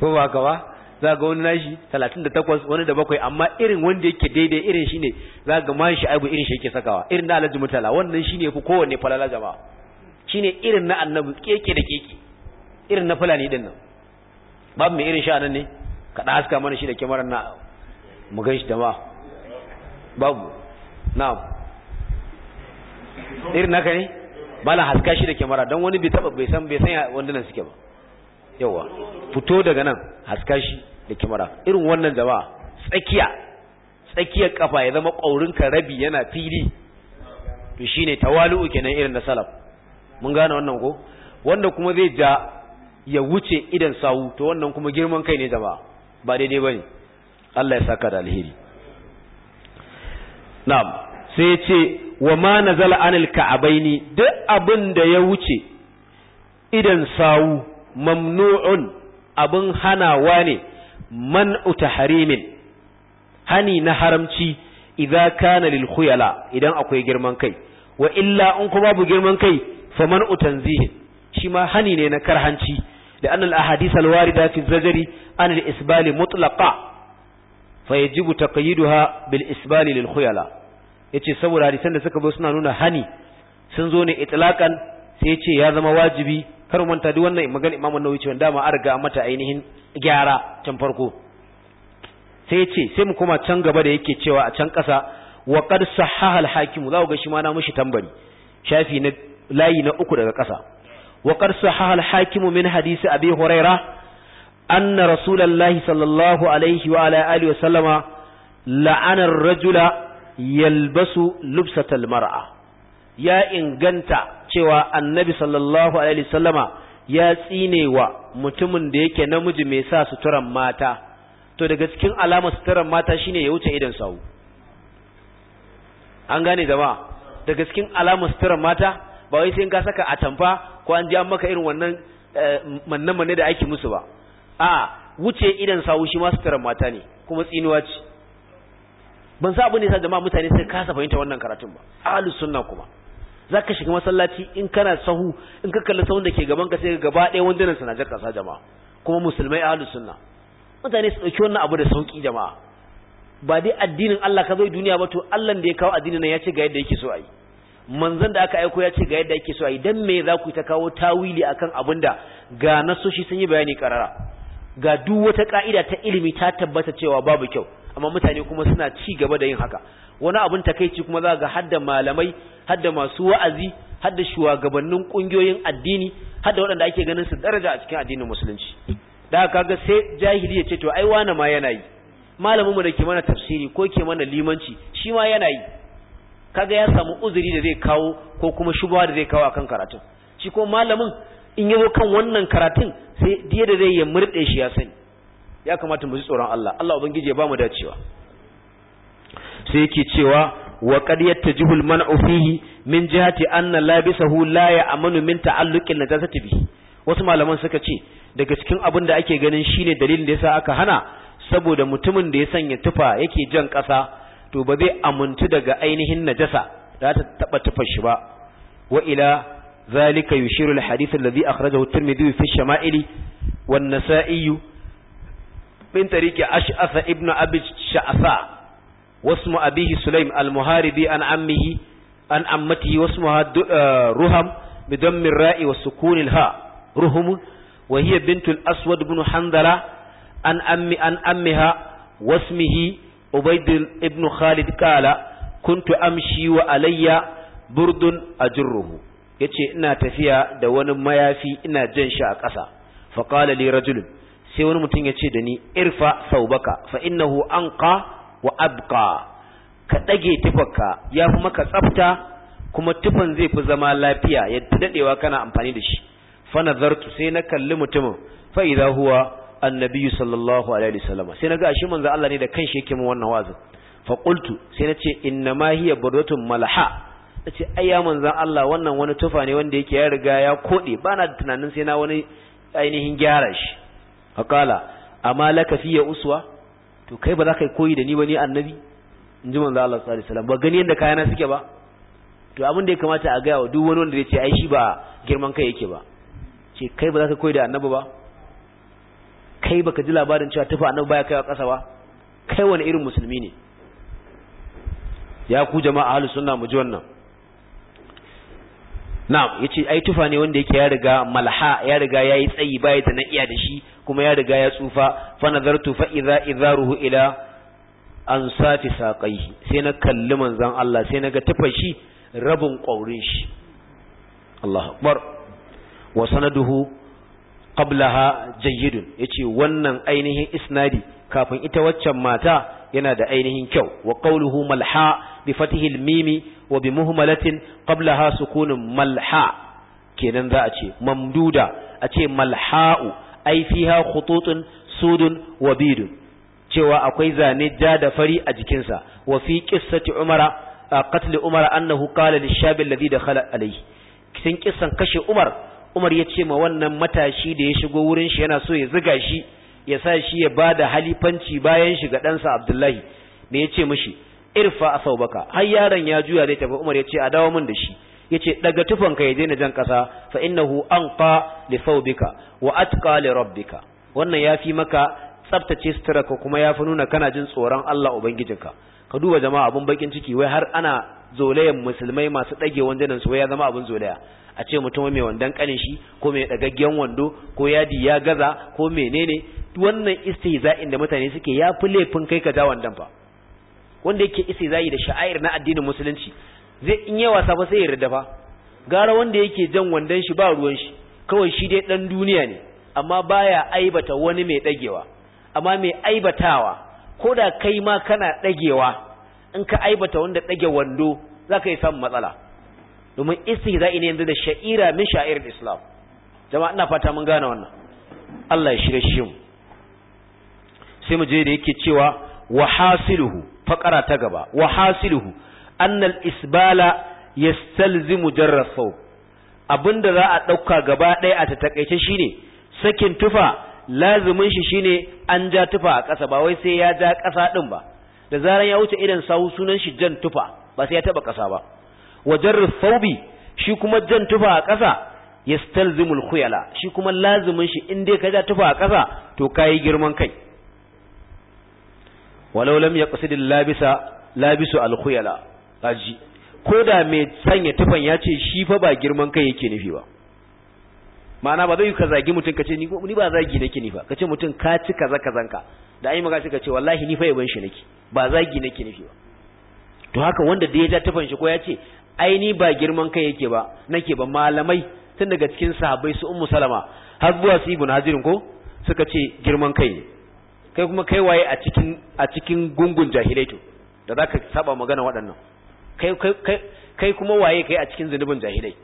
ko ba ka ba za ga wani nashi 38 wani da bakwai amma irin wanda yake daidai irin shine za ga man shi aibu irin shi yake sakawa irin da alhaji mutala wannan shine ku kowanne falala jama'a shine irin na annabi keke da keke irin na fulani din nan babu mai irin nan ne ka da haska mana shi da kyamarar na mu gan shi da babu na'am irin naka ne na haska shi da kyamara don wani bai taba bai san bai san wanda nan suke ba yawa fito daga nan haska shi da kyamara irin wannan jama'a tsakiya tsakiyar kafa ya zama ka rabi yana fili to shine tawalu'u kenan irin na salaf mun gane wannan ko wanda kuma zai ja ya wuce idan sawu to wannan kuma girman kai ne jama'a ba daidai bane Allah ya saka da alheri na'am sai ce wa ma nazala anil ka'abaini duk abin da ya wuce idan sawu mamnu'un abin hanawa ne man harimin hani na haramci idza kana lil khuyala idan akwai girman kai wa illa in kuma babu girman kai faman utanzihin shi ma hani ne na karhanci da annal ahadith al warida fi zajri an al isbal mutlaqa fayajibu taqyiduha bil isbal lil khuyala Ya ce saboda hadisan da suka zo suna nuna hani sun zo ne itlaqan sai yace ya zama wajibi kar manta duk wannan magana Imam An-Nawawi cewa dama an riga mata ainihin gyara can farko sai yace sai mu koma can gaba da yake cewa a can ƙasa wa qad sahaha al-hakim za ku ga shi ma na mushi tambari shafi na layi na uku daga ƙasa wa qad sahaha al-hakim min hadisi Abi Hurairah anna rasulullahi sallallahu alaihi wa ala alihi wa sallama la'ana ar-rajula yalbasu lubsatal mar'a ya inganta cewa annabi sallallahu alaihi wasallama ya tsinewa mutumin da yake namiji mai sa suturan mata to daga cikin alamar suturan mata shine ya wuce idan sawu an gane jama'a daga cikin alamar suturan mata ba wai sai in ka saka atamfa ko an ji an maka irin wannan eh, manne-manne da ake musu ba a wuce idan sawu shi ma suturan mata ne kuma tsinuwa ce ban sa abin da sa jama'a mutane sai kasa fahimta wannan karatun ba ahlus sunna kuma za ka shiga masallaci in kana sahu in ka kalli sahun da ke gaban ka sai gaba ɗaya wandunan sa na jar kasa jama'a kuma musulmai ahlus sunna mutane su ɗauki wannan abu da sauki jama'a ba dai addinin Allah ka zai duniya ba to Allah da ya kawo addinin nan ya ce ga yadda yake so a yi manzon da aka aiko ya ce ga yadda yake so a yi dan me za ku ta kawo tawili akan abin da ga nasoshi sun yi bayani karara ga duk wata ka'ida ta ilimi ta tabbata cewa babu kyau amma mutane kuma suna ci gaba da yin haka wani abun takeici kuma za ga hadda malamai hadda masu wa'azi hadda shugabannin kungiyoyin addini hadda waɗanda ake ganin su daraja a cikin addinin musulunci da kaga sai jahili ya ce to ai wani ma yana yi malamin mu da ke mana tafsiri ko ke mana limanci shi ma yana yi kaga ya samu uzuri da zai kawo ko kuma shubawa da zai kawo akan karatun shi ko malamin in yazo kan wannan karatun sai diya da zai ya murde shi ya sani ya kamata mu ji tsoron Allah Allah ubangije ba mu dacewa sai yake cewa wa qad yattajibu al-man'u fihi min jihati anna labisahu la ya'manu min ta'alluqi an-najasati bihi wasu malaman suka ce daga cikin abin da ake ganin shine dalilin da yasa aka hana saboda mutumin da ya sanya tufa yake jan ƙasa to ba zai amuntu daga ainihin najasa da ta taba tufa shi ba wa ila zalika yushiru al-hadith alladhi akhrajahu at-tirmidhi fi shama'ili wan-nasa'i min tariki ash'atha ibnu abi sha'atha wasmu abihi sulaim al-muharibi an ammihi an ammatihi wasmu eh, ruham bi dammi ra'i wa sukun ha ruhum wa bintu aswad ibn hanzala an ammi an ammiha wasmihi ubayd ibn khalid qala kuntu amshi wa alayya burdun ajruhu yace ina tafiya da wani mayafi ina jan shi a ƙasa faƙalali rajulun sai wani mutum ya ce da ni irfa saubaka fa innahu anqa wa abqa ka dage tufarka ya fi maka tsafta kuma tufan zai fi zama lafiya ya dadewa kana amfani da shi fa nazartu sai na kalli mutumin fa idza huwa annabi sallallahu alaihi wasallam sai naga ashe manzo Allah ne da kanshi yake min wannan wazin fa qultu sai nace inna ma hiya burdatun malha nace ayya manzo Allah wannan wani tufa ne wanda yake ya riga ya kode bana da tunanin sai na wani ainihin gyara shi faqala amma laka fiya uswa to kai ba za ka yi koyi da ni ba ni annabi in ji manzo Allah sallallahu alaihi wasallam ba gani yanda kayana suke ba to abin da ya kamata a gaya wa duk wani wanda ya ce ai shi ba girman kai yake ba ce kai ba za ka koyi da annabi ba kai baka ji labarin cewa tufa annabi baya kaiwa ƙasa ba kai wani irin musulmi ne ya ku jama'a ahlus sunna mu ji wannan na'am yace ai tufa ne wanda yake ya riga malha ya riga yayi tsayi bai da na iya da shi kuma ya riga ya tsufa fa nazartu fa idza idharuhu ila an safi saqaihi sai na kalli manzon Allah sai na ga tufar shi rabin ƙaurin shi Allahu akbar wa sanaduhu qablaha jayyidun yace wannan ainihin isnadi kafin ita waccan mata yana da ainihin kyau wa qawluhu malha bi fatihil mimi wa bi muhmalatin qablaha sukunun malha kenan za a ce mamduda a ce malha'u ai fiha khututun sudun wa bidun cewa akwai zane ja da fari a jikinsa wa fi qissati umara qatl umara annahu qala lishabi alladhi dakhala alayhi kin kissan kashe umar umar ya ce ma wannan matashi da ya shigo wurin shi yana so ya ziga shi ya sa shi ya ba da halifanci bayan shi ga ɗansa abdullahi da ya ce mashi irfa a sau baka har yaron ya juya zai tafi umar ya ce a dawo min da shi ya ce daga tufanka ya daina jan ƙasa fa innahu anqa li bika wa atqa li rabbika wannan ya fi maka tsaftace ka kuma ya fi nuna kana jin tsoron Allah ubangijinka ka duba jama'a abun bakin ciki wai har ana zolayen musulmai masu ɗage wanjanan su wai ya zama abin zolaya a ce mutum mai wandon kanin shi ko mai dagaggen wando ko yadi ya gaza ko menene wannan istihza'in da mutane suke ya fi laifin kai ka ja wandon fa wanda yake istihza'i da sha'air na addinin musulunci zai in yawa safa sai ya rida fa gara wanda yake jan wandon shi ba ruwan shi kawai shi dai dan duniya ne amma baya aibata wani mai dagewa amma mai aibatawa ko da kai ma kana dagewa in ka aibata wanda dage wando zaka yi samun matsala domin istihza'i ne yanzu da sha'ira min shairar islam jama'a ina fata mun gane wannan Allah ya shirye shi mu sai mu je da yake cewa wa hasiluhu faqara ta gaba wa hasiluhu al isbala yastalzimu jarra thawb abinda za a dauka gaba ɗaya a takaice shine sakin tufa lazumin shi shine an ja tufa a ƙasa ba wai sai ya ja ƙasa din ba da zaran ya wuce irin sawu sunan shi jan tufa ba sai ya taba ƙasa ba wa jarru shi kuma jan tufa a ƙasa yastalzimul khuyala shi kuma lazimin shi in dai ka ja tufa a ƙasa to kai girman kai walau lam yaqsid labisa labisu al khuyala aji da mai sanya tufan ya ce shi fa ba girman kai yake nufi ba ma'ana ba zai ka zagi mutum ka ce ni ba zagi nake ni fa ka ce mutum ka ci kaza kazanka da ai magana ka ce wallahi ni fa yaban shi nake ba zagi nake nufi ba to haka wanda da ya ja tufan shi ko ya ce aini ba girman kai yake ba nake ba malamai tun daga cikin sahabbai su ummu salama har zuwa su ibnu hazirin ko suka ce girman kai ne kai kuma kai waye a cikin a cikin gungun jahilai to da zaka saba magana waɗannan kai kai kai kuma waye kai a cikin zunubin jahilai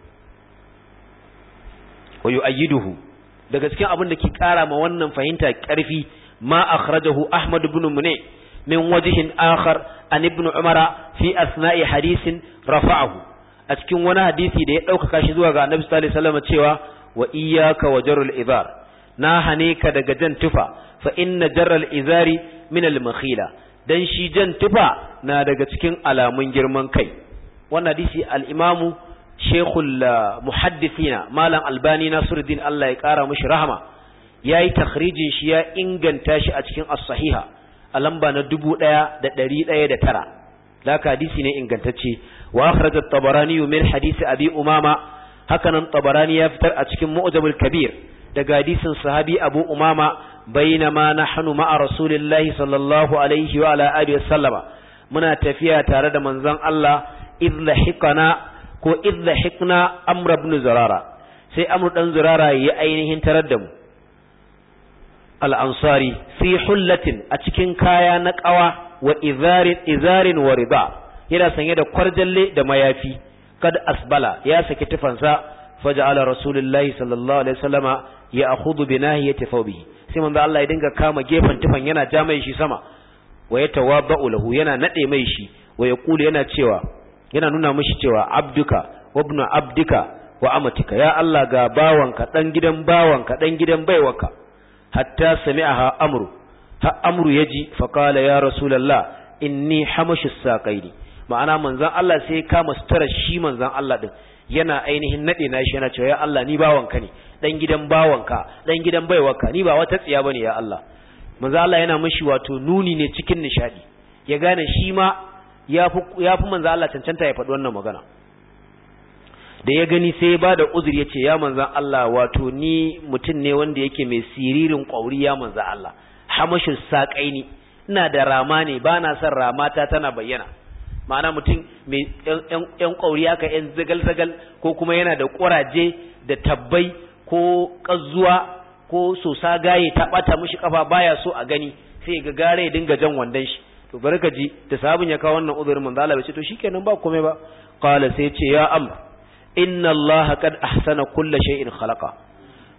wa yu'ayyiduhu daga cikin abin da ke ƙara ma wannan fahimta ƙarfi ma akhrajahu ahmad ibn munay min wajhin akhar an ibn umara fi asna'i hadisin rafahu a cikin wani hadisi da ya ɗaukaka shi zuwa ga annabi sallallahu alaihi cewa wa iyyaka wa jarrul izar na hane ka daga jan tufa fa inna jarral izari min al dan shi jan tufa na daga cikin alamun girman kai wannan hadisi al imamu shekul muhaddisina malam albani nasiruddin Allah ya kara mishi rahama yayi takhrijin shi ya inganta shi a cikin as-sahiha a lamba na dubu ɗaya da ɗari ɗaya da tara laka hadisi ne ingantacce wa akhraja tabarani min hadisi abi umama hakanan tabarani ya fitar a cikin mu'jamul kabir daga hadisin sahabi abu umama bainama nahnu ma'a rasulillahi sallallahu alaihi wa ala alihi wasallama muna tafiya tare da manzon Allah idlahiqana ko idlahiqna amr ibn zurara sai amr dan zurara ya ainihin tarar da mu al-ansari fi hullatin a cikin kaya na ƙawa wa izarin izarin wa riba yana sanye da kwarjalle da mayafi kad asbala ya saki tufansa faja'ala rasulullahi sallallahu alaihi wasallama ya akhudhu bi nahiyati thawbihi sai manzo Allah ya dinga kama gefen tufan yana ja mai shi sama wa tawaba'u lahu yana nade mai shi wa Kulu yana cewa yana nuna mishi cewa abduka wa ibnu abdika wa amatika ya Allah ga bawanka dan gidan bawanka dan gidan baiwaka hatta sami'aha amru ha amru ya ji qala ya rasulullah inni hamashu ne ma'ana manzan Allah sai kama sutura shi manzan Allah din yana ainihin naɗe na shi yana cewa ya Allah ni bawanka ne dan gidan bawanka dan gidan baiwarka ni ba wata tsiya bane ya Allah manzan Allah yana mishi wato nuni ne cikin nishaɗi ya gane shi ma yafi yafi manzan Allah cancanta ya faɗi wannan magana da ya gani sai ya da uzuri ya ce ya manzan Allah wato ni mutum ne wanda yake mai siririn ƙwauri ya manzan Allah hamashin saƙai ne ina da rama ne ba na son ramata tana bayyana ma'ana mutum mai ƴan ƙwauri aka ƴan zagal-zagal ko kuma yana da ƙuraje da tabbai ko ƙazuwa ko sosa gaye ta ɓata mishi ƙafa baya so a gani sai ga gare ya dinga jan wandon shi to bari ji da sabon ya kawo wannan uzurin manzo Allah bai ce to shikenan ba komai ba qala sai ce ya amma inna Allah qad ahsana kulla shay'in khalaqa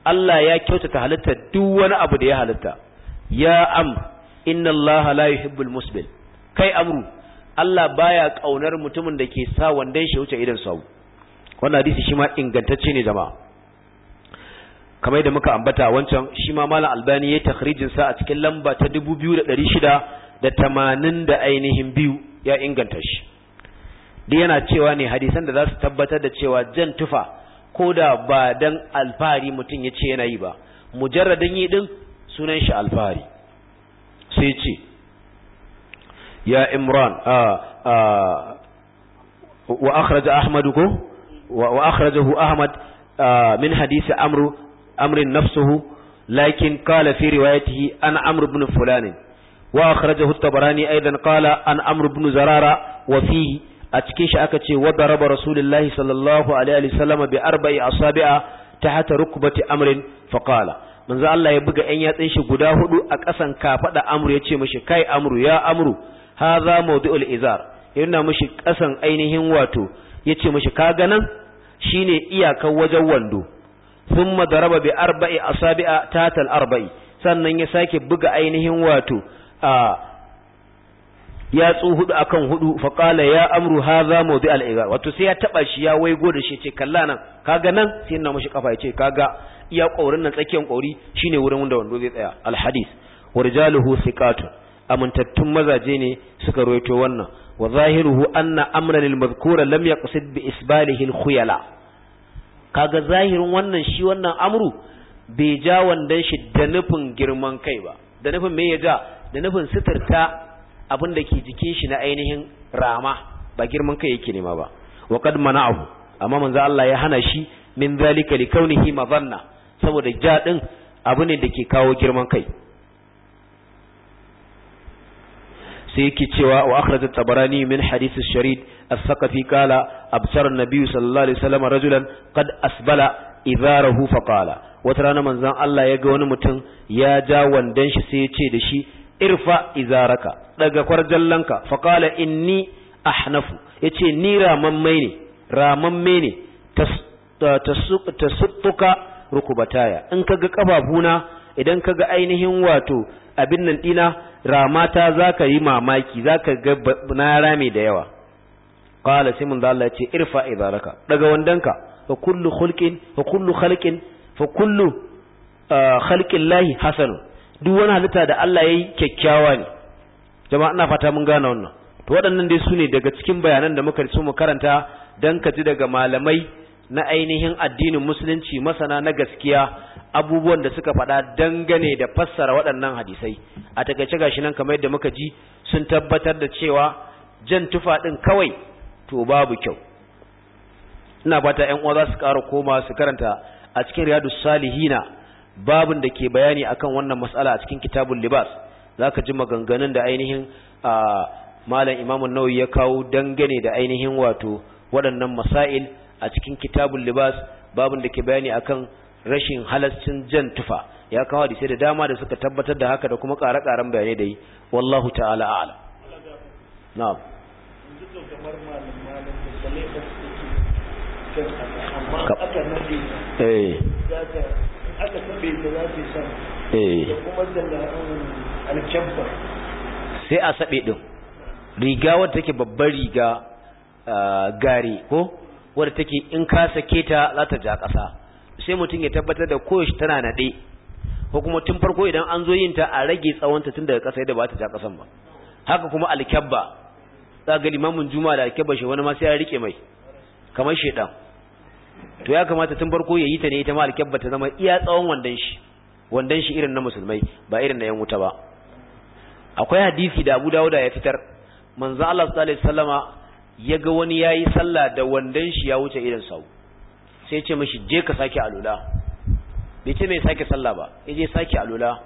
Allah ya kyautata halitta duk wani abu da ya halitta ya am inna Allah la yuhibbul musbil kai amru Allah baya kaunar mutumin da ke sa wandan shi wuce idan sau wannan hadisi shi ma ingantacce ne jama'a kamar da muka ambata wancan shi ma malam albani ya takhrijin sa a cikin lamba ta 2680 da ainihin biyu ya inganta shi duk yana cewa ne hadisan da za su tabbatar da cewa jan tufa ko da ba dan alfahari mutum ya ce yana yi ba mujarradin yi din sunan shi alfahari sai ce ya imran wa akhraja ahmadu ko wa akhrajahu ahmad min hadisi amru amrin nafsuhu lakin qala fi riwayatihi an amru ibn fulan wa akhrajahu at-tabarani aidan qala an amru ibn zarara wa fihi a cikin shi aka ce wadda raba rasulullahi sallallahu alaihi sallam bi arba'i asabi'a hata rukbati amrin faqala manzo Allah ya buga ƴan yatsin shi guda hudu a ƙasan kafada amru ya ce mishi kai amru ya amru hadha mawdu'ul izar yana mishi ƙasan ainihin wato ya ce mishi kaga nan shine iyakan wajen wando thumma daraba bi arba'i asabi'a tahta al-arba'i sannan ya sake buga ainihin wato a yatsu hudu akan hudu fa qala ya amru hadha mawdi al iga wato sai ya taba shi ya waigo da shi ce kalla nan kaga nan sai na mushi kafa yace kaga iya kaurin nan tsakiyar kauri shine wurin wanda wando zai tsaya al hadith wa rijaluhu thiqatun amintattun mazaje ne suka ruwaito wannan wa zahiruhu anna amra lil madhkura lam yaqsid bi isbalihi al khuyala kaga zahirin wannan shi wannan amru bai ja wandan shi da nufin girman kai ba da nufin me ya ja da nufin sitirta abin da ke jikin shi na ainihin rama ba girman kai yake nema ba wa kad mana'ahu amma manzo Allah ya hana shi min zalika li kaunihi madanna saboda ja din abu ne da ke kawo girman kai sai yake cewa wa akhrajat tabarani min hadith ash-sharid as-saqafi qala absara an-nabiy sallallahu alaihi wasallam rajulan qad asbala idharahu fa qala wata rana manzon Allah ya ga wani mutum ya ja wandan shi sai ya ce da shi irfa izaraka daga kwarjallanka faƙala inni ahnafu ya ce ni mai ne ramamme ne ta suttuka rukubataya in kaga ƙafafuna idan kaga ainihin wato abin nan ɗina ramata za ka yi mamaki za ka ga na rame da yawa ƙala sai mun Allah ya ce irfa idaraka daga wandanka fa kullu khulqin fa kullu khalqin fa kullu ah, khalqin lahi hasanun duk wani halitta da Allah ya yi kyakkyawa ne jama'a ina fata mun gane wannan to waɗannan dai su ne daga cikin bayanan da muka so mu karanta dan ka ji daga malamai na ainihin addinin musulunci masana na gaskiya abubuwan da suka faɗa dangane da fassara waɗannan hadisai a takaice gashi nan kamar yadda muka ji sun tabbatar da cewa jan tufa ɗin kawai to babu kyau ina fata ƴan uwa za su ƙara koma su karanta a cikin riyadu salihina babin da ke bayani akan wannan matsala a cikin kitabul libas Za ka ji maganganun da ainihin malam Imam imamun nau'i ya kawo dangane da ainihin wato waɗannan masail a cikin kitabun libas babin da ke bayani akan rashin halascin jan tufa ya kawo hadisai da dama da suka tabbatar da haka da kuma ƙara-ƙaran bayanai da yi wallahu ta'ala a'lam na'am eh sai a saɓe ɗin riga wadda take babbar riga gare ko wadda take in ka sake ta za ta ja ƙasa sai mutum ya tabbatar da koyaushe tana naɗe ko kuma tun farko idan an zo yin ta a rage tsawonta tun daga ƙasa yadda ba ta ja ƙasan ba haka kuma alkyabba za ga limamin juma da alkyabba shi wani ma sai ya rike mai kamar shedan to ya kamata tun farko ya yi ta ne ita ma alkyabba ta zama iya tsawon wandan shi wandan shi irin na musulmai ba irin na yan wuta ba akwai hadisi da Abu Dawud ya fitar manzo Allah sallallahu alaihi wasallama yaga wani yayi sallah da wandan shi ya wuce irin sau sai ya ce mishi je ka sake alula bai ce mai sake sallah ba yaje sake alula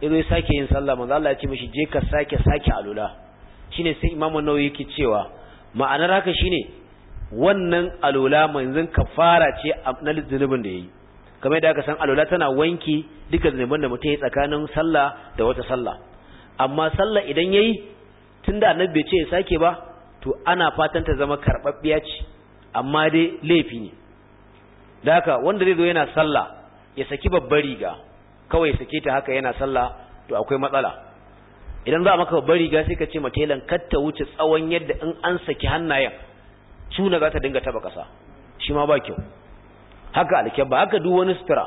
yazo ya sake yin sallah manzo Allah ya ce mishi je ka sake sake alula shine sai imamu Nawawi yake cewa ma'anar haka shine wannan alula manzon kafara ce na zunubin da yayi kamar da aka san alula tana wanki duka zunubin da mutum ya tsakanin sallah da wata sallah amma sallah idan yayi tunda annabi bai ce ya sake ba to ana fatan ta zama karbabbiya ce amma dai laifi ne da haka wanda zai zo yana sallah ya saki babbar riga kawai ya sake ta haka yana sallah to akwai matsala idan za a maka babbar riga sai ka ce matelan kar ta wuce tsawon yadda in an saki hannayen cuna za ta dinga taba kasa shi ma ba kyau haka alkyabba haka duk wani sutura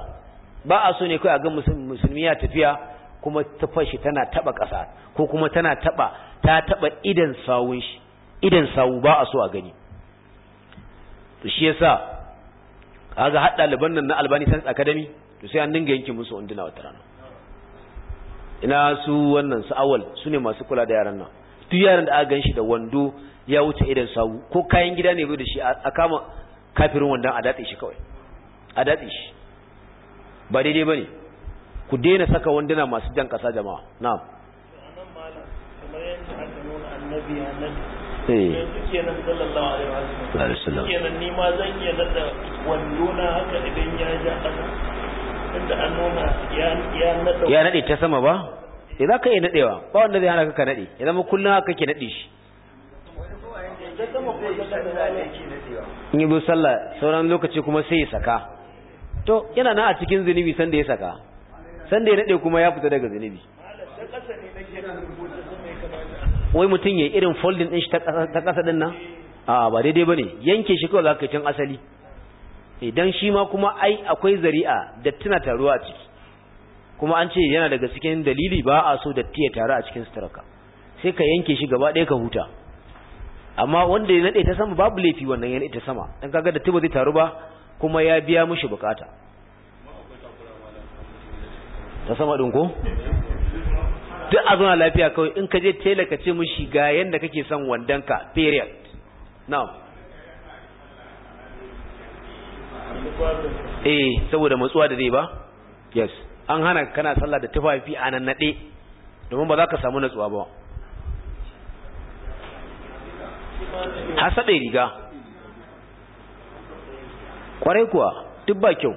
ba a so ne kai a ga musulmi ya tafiya kuma ta fashi tana taba ƙasa ko kuma tana taba ta taba idan sawun shi idan sawu ba a so a gani to shi yasa kaga hadda liban nan na Albani Science Academy to sai an dinga yanke musu unduna wata rana ina su wannan su awal su ne masu kula da yaran nan duk yaran da aka ganshi da wando ya wuce idan sawu ko kayan gida ne bai da shi a kama kafirin wanda a datse shi kawai a datse shi ba daidai bane ku daina saka wanduna masu jan kasa jama'a na'am eh. ya nade ta sama ba sai eh, za ka iya nadewa ba wanda zai hana ka nade ya zama kullum haka kake nade shi in yi bu sallah sauran lokaci kuma sai ya saka to yana na a cikin zunubi sanda ya saka sanda ya nade kuma ya fita daga zinubi wai mutum ya irin folding ɗin shi ta kasa ɗin nan a ba daidai ba yanke shi kawai zaka ka asali idan shi ma kuma ai akwai zari'a da tana taruwa a ciki kuma an ce yana daga cikin dalili ba a so datti ya taru a cikin straka. sai ka yanke shi gaba ɗaya ka huta amma wanda ya naɗe ta sama babu laifi wannan ya nade ta sama dan kaga datti ba zai taru ba kuma ya biya mishi bukata ta sama ko duk a zauna lafiya kawai in ka je tela ka ce mushi ga yadda kake son wandanka period now eh saboda matsuwa da zai ba yes an hana kana sallah da tufafi a nan naɗe domin ba za ka samu natsuwa ba hasabe riga kwarai kuwa duk ba kyau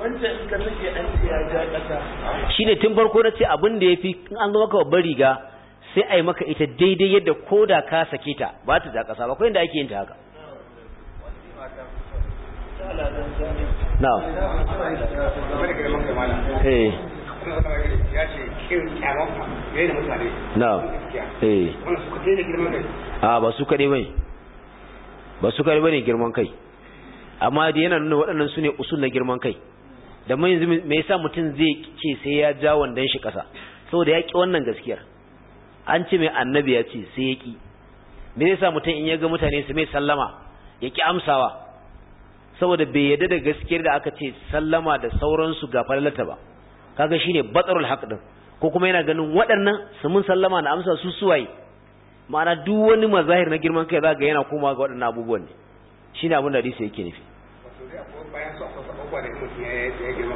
wancan ne an tun farko na ce abin da ya in an kawo bari ga sai a yi maka ita daidai yadda ko da ka sake ta ba ta da kasa ba kuwa yadda ake yin ta haka na'am ah, ba su kaɗe bai. ba su bai ne girman kai amma da yana nuna waɗannan su ne usul na girman kai da mun yanzu me yasa mutum zai ce sai ya ja wandan shi kasa saboda yaki wannan gaskiyar an ce mai annabi ya ce sai yaki me yasa mutum in ya ga mutane su mai sallama ya ki amsawa saboda bai yadda da gaskiyar da aka ce sallama da sauransu ga falalata ba kaga shine batsarul haq din ko kuma yana ganin waɗannan su mun sallama na amsa su suwaye ma'ana duk wani mazahir na girman kai za ga yana komawa ga waɗannan abubuwan ne shine abin da hadisi yake nufi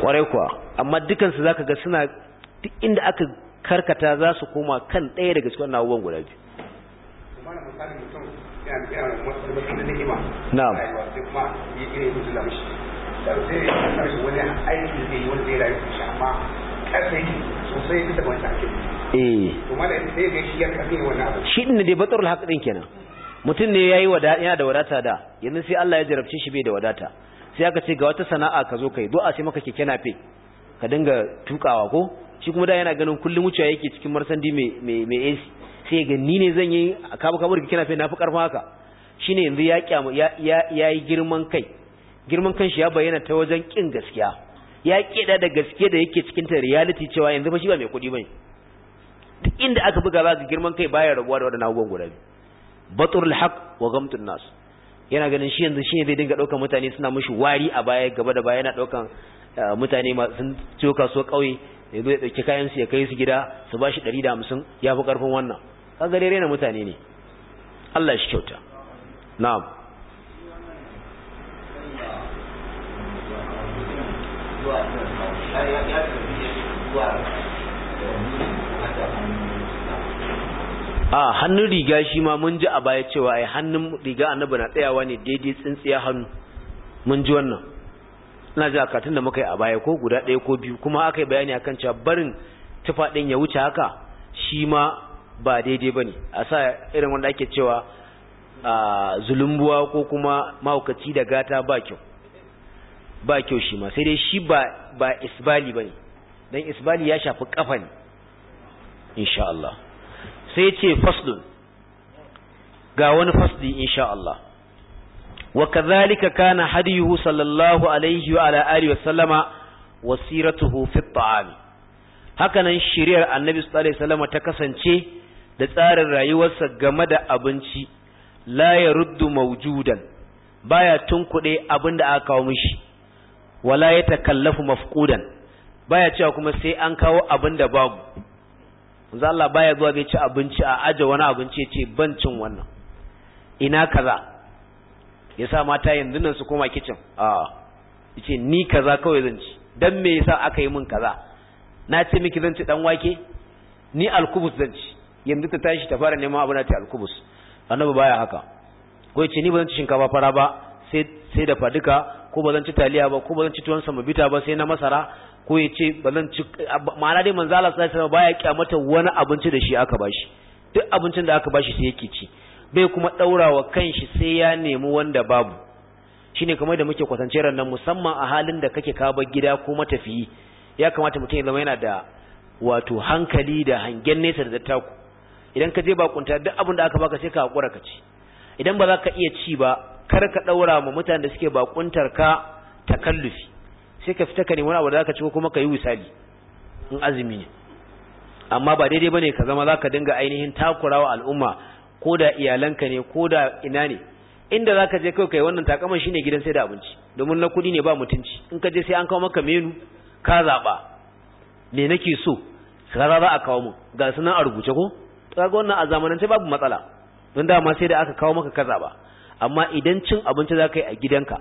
kwarai kuwa amma dukansu za ka ga suna duk inda aka karkata za su koma kan ɗaya daga cikin Na abubuwan guda biyu na'am eh. shi ne da batsar alhaƙaɗin kenan mutum ne ya yi yana da wadata da yanzu sai Allah ya jarabce shi bai da wadata sai aka ce ga wata sana'a ka zo kai do sai maka keke nafe ka dinga tukawa ko shi kuma da yana ganin kullum wuce yake cikin marsandi mai mai AC sai ga ni ne zan yi kabu kabu keke nafe na fi karfin haka shine yanzu ya kyamu ya yi girman kai girman kan shi ya bayyana ta wajen kin gaskiya ya keda da gaske da yake cikin ta reality cewa yanzu ba shi ba mai kuɗi bane duk inda aka buga za ka girman kai baya rabuwa da wadannan abubuwan guda biyu batrul haqq wa gamtun nas yana ganin shi yanzu shi ne zai dinga ɗaukar mutane suna mushi wari a baya gaba da baya yana ɗaukar eh, mutane masu coka kasuwa ƙauye ya zo ya ɗauki kayan su ya kai su gida su ba shi ɗari da hamsin ya fi ƙarfin wannan kaga dai rena mutane ne Allah shi kyauta na'am Thank you. a hannun riga shi ma mun ji a baya cewa ai hannun riga annabi na tsayawa ne daidai tsintsiya hannu mun ji wannan ina ji akatun da muka yi a baya ko guda ɗaya ko biyu kuma aka yi bayani akan cewa barin tufa ɗin ya wuce haka shi ma ba daidai ba ne a sa irin wanda ake cewa zulumbuwa ko kuma mahaukaci da gata ba kyau ba kyau shi ma sai dai shi ba isbali ba ne don isbali ya shafi kafa ne insha Allah sai ce fasdun ga wani fasdi insha Allah wa kadhalika kana hadiyuhu sallallahu alaihi wa ala alihi wa sallama wasiratuhu fi at-ta'am hakanan shiriyar annabi sallallahu alaihi wasallam ta kasance da tsarin rayuwarsa game da abinci la yaruddu mawjudan baya tunkude abin da aka kawo mishi wala ya takallafu mafqudan baya cewa kuma sai an kawo abin da babu manzo Allah baya zuwa zai ci abinci a aje wani abinci ya ce ban cin wannan ina kaza ya sa mata yanzu nan su koma kitchen a yace ni kaza kawai zan ci dan me yasa aka yi min kaza na ce miki zan ci dan wake ni alkubus zan ci yanzu ta tashi ta fara neman abin da ta alkubus annabi baya haka ko yace ni ba zan ci shinkafa fara ba sai sai da faduka ko ba zan ci taliya ba ko ba zan ci tuwon samabita ba sai na masara ko ya ce ba zan ci ma'ana dai manzo Allah sallallahu alaihi wasallam baya kyamata wani abinci da shi aka bashi duk abincin da aka bashi sai yake ci bai kuma daurawa shi sai ya nemi wanda babu shine kamar da muke kwatance ran nan musamman a halin da kake ka bar gida ko matafiyi ya kamata mutum ya zama yana da wato hankali da hangen nesa da dattaku idan ka je bakunta duk abin da aka baka sai ka hakura ka ci idan ba za ka iya ci ba kar ka daura ma mutanen da suke bakuntar ka takallufi sai ka fita ka nemi abu da zaka ci ko kuma ka yi in azumi ne amma ba daidai bane ka zama zaka dinga ainihin takurawa al'umma ko da iyalanka ne ko da ina ne inda zaka je kai kai wannan takaman shine gidan sai da abinci domin na kudi ne ba mutunci in ka je sai an kawo maka menu ka zaba me nake so sai za a kawo mu ga sunan a rubuce ko kaga wannan a zamanance babu matsala don da ma sai da aka kawo maka kaza ba amma idan cin abinci zaka yi a gidanka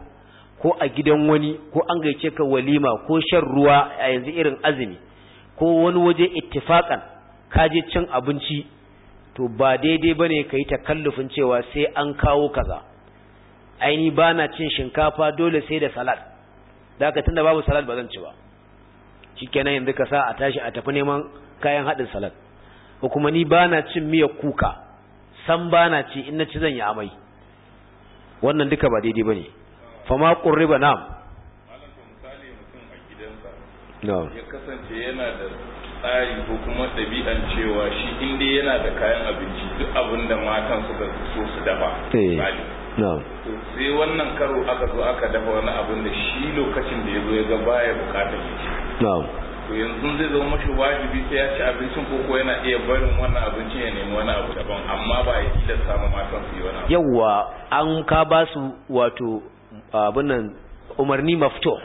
ko a gidan wani ko an gaice ka walima ko shan ruwa a yanzu irin azumi ko wani waje ittifakan ka je cin abinci to ba daidai bane ka yi takallufin cewa sai an kawo kaza aini ba na cin shinkafa dole sai da salat. da ka tunda babu salat ba zan ci ba shikenan yanzu ka sa a tashi a tafi neman kayan haɗin salat. ko kuma ni ba na cin miya kuka san ba na ci in na ci zan yi amai wannan duka ba daidai bane fama qurriba na'am misali mutum a gidansa ya kasance yana da tsari ko kuma ɗabi'an cewa shi inda yana da kayan abinci duk abinda da matan suka so su dafa eh, sai wannan karo aka zo aka dafa wani abin da shi lokacin da ya zo ya ga baya bukatar shi to yanzu zai zama mashi wajibi sai ya ci abincin ko ko yana iya barin wannan abincin ya nemi wani abu daban amma ba ya tilasta ma matan su yi wani abu yawwa an ka ba su wato abin nan umarni mafto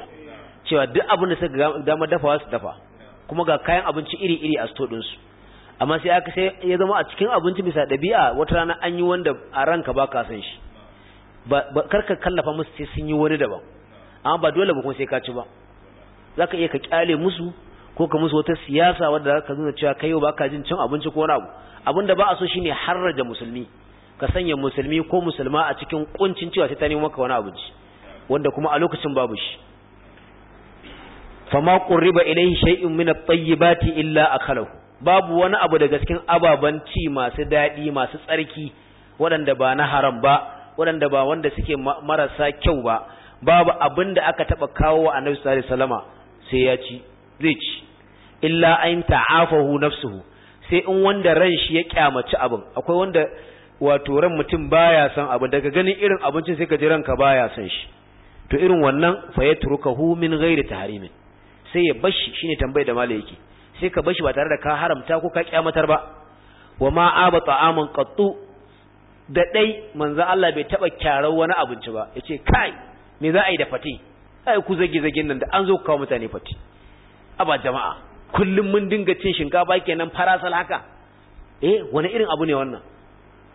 cewa duk abin da suka dama dafawa su dafa kuma ga kayan abinci iri-iri a sto su amma sai aka sai ya zama a cikin abinci bisa dabi'a wata rana an yi wanda a ranka ba ka san shi ba karka kallafa musu sai sun yi wani daban amma ba dole ba kuma sai ka ci ba za ka iya ka kyale musu ko ka musu wata siyasa wadda za ka nuna cewa kai ba ka jin cin abinci ko wani abu abin da ba a so shi ne harraja musulmi ka sanya musulmi ko musulma a cikin kuncin cewa sai ta nemo maka wani abinci wanda kuma a lokacin babu shi fama qurriba ilayhi shay'un min at-tayyibati illa akalahu babu wani abu daga cikin ababan ci masu dadi masu tsarki waɗanda ba na haram ba waɗanda ba wanda suke marasa kyau ba babu abin da aka taba kawo wa annabi sallallahu alaihi wasallama sai ya ci zai ci illa ayin ta'afahu nafsuhu sai in wanda ran shi ya kyamaci abin akwai wanda wato ran mutum baya son abin daga ganin irin abincin sai ka ji ranka baya son shi to irin wannan fa hu min ghairi tahrimin sai ya bashi shine tambayar da malai yake sai ka bashi ba tare da ka haramta ko ka kyamatar ba wa ma aba ta'aman qattu da dai manzo Allah bai taba kyarar wani abinci ba yace kai me za a yi da fati ai ku zage zagin nan da an zo kawo mutane fati aba jama'a kullum mun dinga cin shinkafa kenan farasal haka eh wani irin abu ne wannan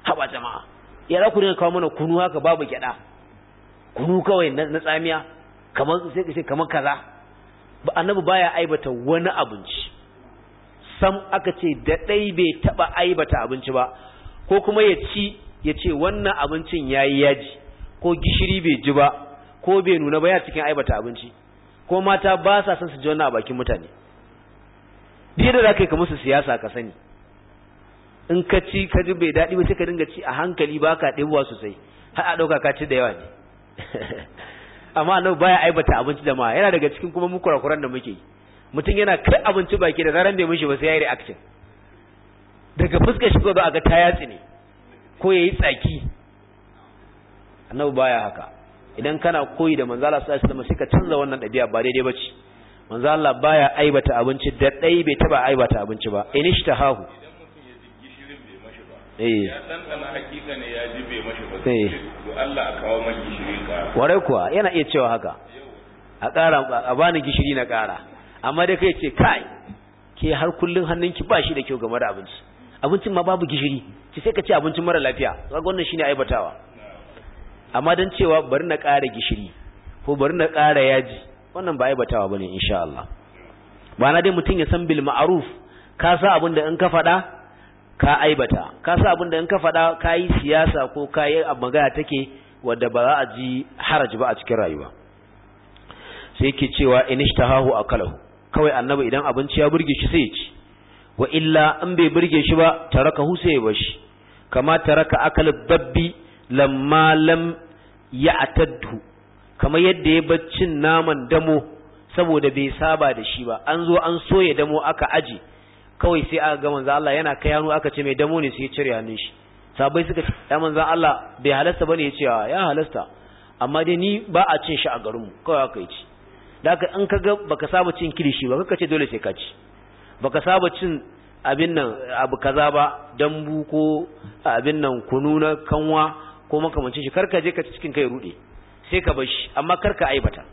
haba jama'a ya za ku dinga kawo mana kunu haka babu gyada kunu kawai na tsamiya kamar sai kace kamar kaza annabi baya aibata wani abinci sam aka ce da dai bai taba aibata abinci ba ko kuma ya ci ya ce wannan abincin yayi yaji ko gishiri bai ji ba ko bai nuna ba ya cikin aibata abinci ko mata ba sa son su ji wannan a bakin mutane dai da zaka yi ka musu siyasa ka sani in ka ci ka ji bai daɗi ba sai ka dinga ci a hankali baka ka sosai har a ɗauka ka ci da yawa ne amma annabi baya aibata abinci da ma yana daga cikin kuma mu kurakuran da muke mutum yana kai abinci baki da zaran bai mishi ba sai ya yi reaction daga fuskar shi gobe aga ta yatsi ne ko yayi tsaki annabi baya haka idan kana koyi da manzo Allah sallallahu alaihi wasallam sai ka canza wannan dabi'a ba daidai bace manzo Allah baya aibata abinci da dai bai taba aibata abinci ba inishtahahu Eh. ya ɗanɗana hakika ne ya jibe mashi ba eh. to Allah a kawo mai gishiri ƙara warai kuwa yana iya cewa haka a ƙara a bani gishiri na ƙara amma dai kai ce kai ke har kullun hannunki ba shi da kyau game da abinci abincin ma babu gishiri ki sai ka ce abincin mara lafiya kaga wannan shine aibatawa amma dan cewa bari na ƙara gishiri ko bari na ƙara yaji wannan ba aibatawa bane insha Allah ba na dai mutun ya san bil ma'ruf ka sa abin da in ka faɗa ka aibata ka sa abin da in ka faɗa ka yi siyasa ko ka yi magana take wadda ba za a ji haraji ba a cikin rayuwa sai ke cewa inishtahahu akalahu kawai annabi idan abinci ya burge shi sai ya ci wa illa in bai burge shi ba tarakahu sai ya shi kama taraka akal dabbi lamma lam atadhu kama yadda ya bar cin naman damo saboda bai saba da shi ba an zo an soya damo aka aji kawai sai aka ga manzo Allah yana kai hannu aka ce mai damo ne sai ya cire hannun shi sabai suka ya manzo Allah bai halasta bane ya ce ah, ya halasta amma dai ni ba a cin shi a garinmu kawai aka yi ci daga in ka ga baka saba cin kilishi ba kaka ce dole sai ka ci baka saba cin abin nan abu kaza ba dambu ko abin nan kunu na kanwa ko makamancin shi karka je ka ci cikin kai rude sai ka bar shi amma karka aibata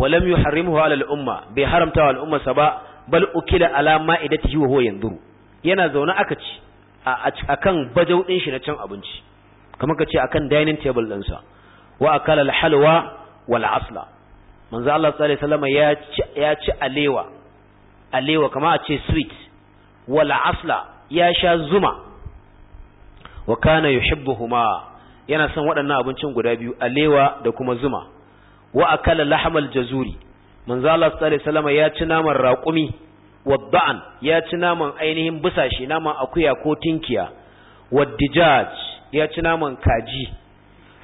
walam yuharrimuhu ala al-umma bai haramta wa al sa ba bal ukila ala ta yiwa huwa yanzuru yana zaune aka ci A akan bajau ɗin shi na can abinci kamar ka ce akan dining table din sa wa akala al-halwa wal asla manzo Allah sallallahu alaihi wasallam ya ci alewa alewa kamar a ce sweet wal asla ya sha zuma wa kana yuhibbuhuma yana son waɗannan abincin guda biyu alewa da kuma zuma wa akala lahmal jazuri manzo Allah sallallahu alaihi wasallam ya ci naman raƙumi wadda'an ya ci naman ainihin busashi naman akuya ko tinkiya waddijaj ya ci naman kaji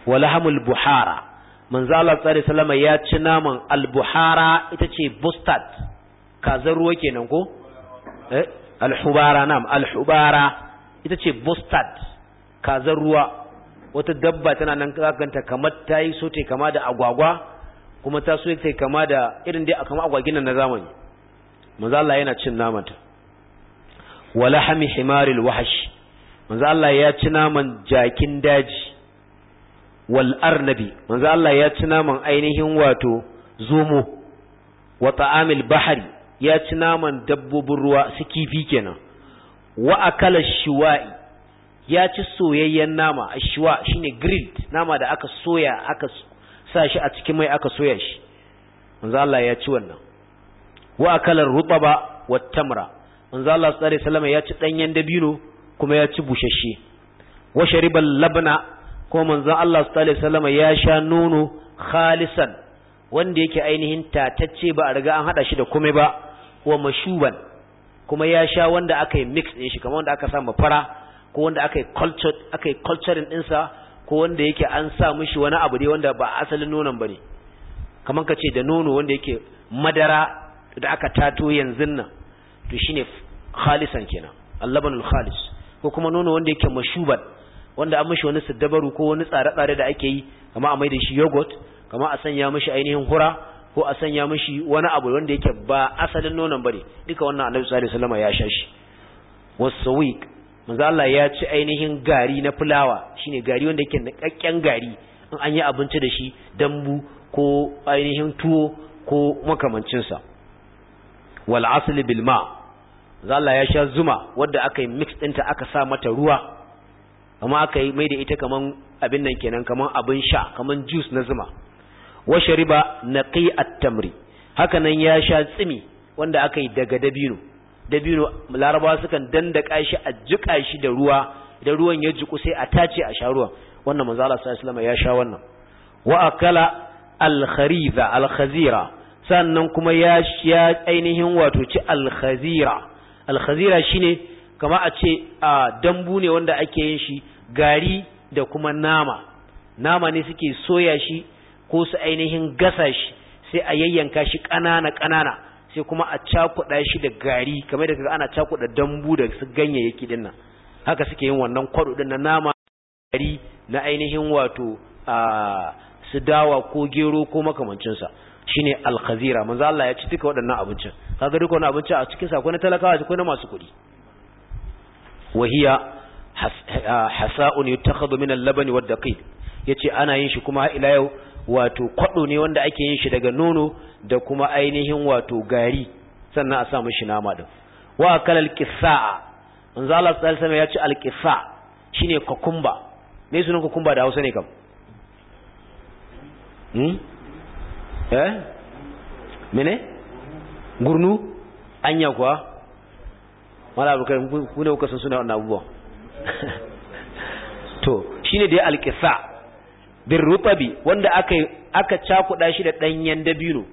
walahamul buhara manzo Allah sallallahu alaihi wasallam ya ci naman albuhara ita ce bustard kazan ruwa kenan ko eh alhubara nam alhubara ita ce bustard kazan ruwa wata dabba tana nan ganta kamar tayi sote kama da agwagwa kuma ta so ta kama da irin dai kama agwagin nan na zamani manzo Allah yana cin naman ta wala hami himaril wahash manzo Allah ya ci naman jakin daji wal arnabi manzo Allah ya ci naman ainihin wato zomo wa ta'amil bahari ya ci naman dabbobin ruwa su kifi kenan wa akala shuwa'i ya ci soyayyen nama ashwa shine grilled nama da aka soya aka sa shi a cikin mai aka soya shi manzo Allah ya ci wannan wa akala rutaba wat tamra manzo Allah sallallahu alaihi wasallam ya ci danyen dabino kuma ya ci bushashe wa shariba labna kuma manzo Allah sallallahu alaihi wasallam ya sha nono khalisan wanda yake ainihin tatacce ba a riga an hada shi da komai ba wa mashuban kuma ya sha wanda aka yi mix ɗin shi kamar wanda aka sa mafara ko wanda aka yi culture aka yi culturing ɗinsa ko wanda yake an sa mishi wani abu dai wanda ba asalin nonon ne kamar ka ce da nono wanda yake madara da aka tato yanzu nan to shine khalisan kenan allabanul khalis ko kuma nono wanda yake mashuban wanda an mishi wani sadabaru ko wani tsare-tsare da ake yi kama a mai da shi yogurt kama a sanya mishi ainihin hura ko a sanya mishi wani abu wanda yake ba asalin nonon ne duka wannan annabi sallallahu alaihi wasallam ya sha shi wasawiq manzo Allah ya ci ainihin gari na fulawa shine gari wanda yake kakken gari in an yi abinci da shi dambu ko ainihin tuwo ko makamancin sa wal asli bil ma manzo Allah ya sha zuma wanda aka yi mix ɗinta aka sa mata ruwa amma aka yi mai da ita kaman abin nan kenan kaman abin sha kaman juice na zuma wa shariba naqi at-tamri haka ya sha tsimi wanda aka yi daga dabino dabino larabawa sukan dandaka shi a jika shi da ruwa da ruwan ya jiku sai a tace a sha ruwan wannan manzo Allah sallallahu alaihi ya sha wannan wa akala al-khariza al-khazira sannan kuma ya ya ainihin wato ci al-khazira al-khazira shine kama a ce a dambu ne wanda ake yin shi gari da kuma nama nama ne suke soya shi ko su ainihin gasa shi sai a yayyanka shi ƙanana ƙanana sai kuma a cakuɗa shi da gari kamar da kaga ana cakuɗa dambu da su ganyayyaki din nan haka suke yin wannan kwaɗo din na nama gari na ainihin wato a su dawa ko gero ko makamancin sa shine alkhazira manzo Allah ya ci duka waɗannan abincin kaga duka wannan abincin a cikin sa na talakawa ko na masu kuɗi wahiya hasa'un yutakhadhu min al-labani wad-daqiq yace ana yin shi kuma ila yau wato kwado ne wanda ake yin shi daga nono da kuma ainihin wato gari sannan a sa mishi nama din wa akala alqisaa manzo Allah sallallahu alaihi wasallam ya ci alqisa shine kokumba me sunan kokumba da Hausa ne kam hmm eh mene gurnu anya kuwa mala abukar ku ne kuka san suna wannan abubuwan to shine dai alqisa bin rufabi wanda aka aka cakuɗa shi da ɗanyen dabino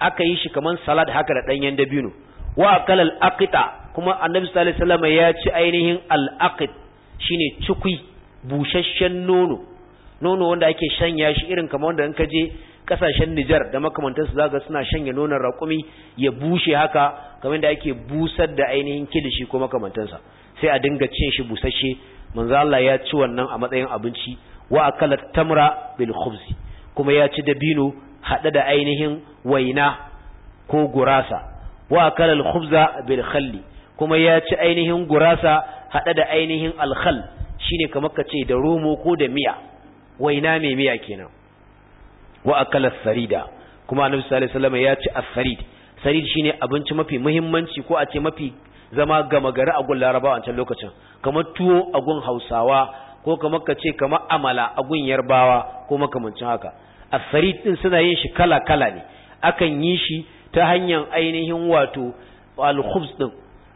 aka yi shi kaman salad haka da ɗanyen dabino wa kalal aqita kuma annabi sallallahu alaihi wasallam ya ci ainihin al aqit shine cukui busashen nono nono wanda ake shanya shi irin kamar wanda in ka je kasashen Nijar da su zaga suna shanye nonon raƙumi ya bushe haka kamar da ake busar da ainihin kilishi ko makamantansa sai a dinga cin shi busashe manzo Allah ya ci wannan a matsayin abinci wa akalat tamra bil kuma ya ci dabino hada da ainihin waina ko gurasa wa akala al khubza bil kuma ya ci ainihin gurasa hada da ainihin al khall shine kamar ka ce da romo ko da miya waina mai miya kenan wa sarida kuma annabi sallallahu alaihi wasallam ya ci as-sarid sarid shine abinci mafi muhimmanci ko a ce mafi zama gama gari a gun larabawa a can lokacin kamar tuwo a gun hausawa ko kamar ka ce kamar amala a gun yarbawa ko makamancin haka asarid din suna yin shi kala kala ne akan yi shi ta hanyar ainihin wato alkhubs din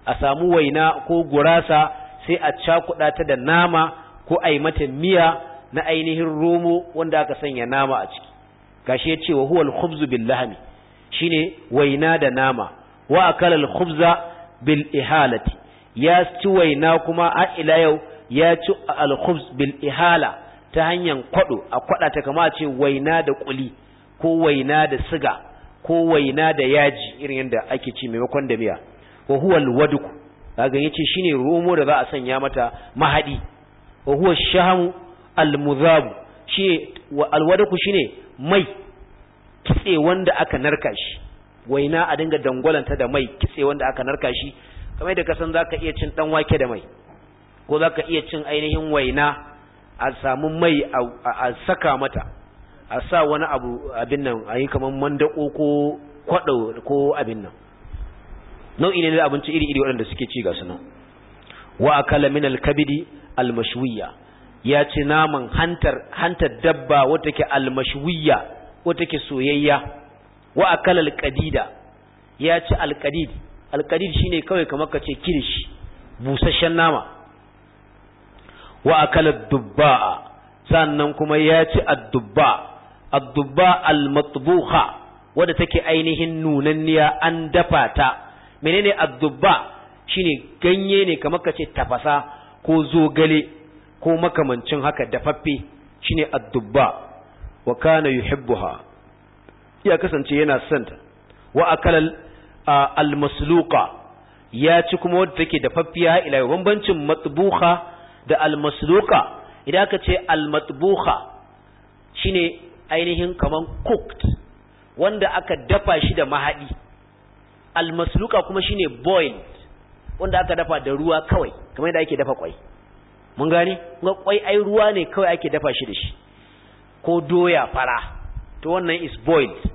a samu waina ko gurasa sai a cakuɗa ta da nama ko a yi mata miya na ainihin romo wanda aka sanya nama a ciki gashi ya ce wa huwa alkhubzu bil lahmi shine waina da nama wa akala alkhubza bil ihalati ya ci waina kuma a ila yau ya ci al-khubz bil ihala ta hanyar kwado a kwada ta kama ce waina da kuli ko waina da siga ko waina da yaji irin yadda ake ci maimakon da miya wa huwa al-waduk kaga yace shine romo da za a sanya mata mahadi wa huwa shaham al-mudhab shi al-waduk shine mai kitse wanda aka narka shi waina a dinga dangwalanta da mai kitse wanda aka narka shi kamar da kasan zaka iya cin dan wake da mai ko za ka iya cin ainihin waina a samu mai a saka mata a sa wani abu abin nan a yi kamar mandako ko kwaɗo ko abin nan nau'i ne da abinci iri-iri waɗanda suke ci ga nan wa a kalamin alkabidi almashwiya ya ci naman hantar hantar dabba wata ke almashwiya wata ke soyayya wa kalal kadida ya ci alkadid shi shine kawai kamar ka ce kirish busasshen nama wa akala dubba sannan kuma ya ci addubba addubba almatbuha wadda take ainihin nunanniya an dafa ta menene addubba shine ganye ne kamar kace tafasa ko zogale ko makamancin haka dafaffe shine addubba wa kana yuhibbuha ya kasance yana son ta wa akala almasluqa ya ci kuma wadda take dafaffiya ila bambancin matbuha da almasluka idan aka ce almatbuha shine ainihin kaman cooked wanda aka dafa shi da mahadi almasluka kuma shine boiled wanda aka dafa da ruwa kawai kamar yadda ake dafa kwai mun gani kuma kwai ai ruwa ne kawai ake dafa shi da shi ko doya fara to wannan is boiled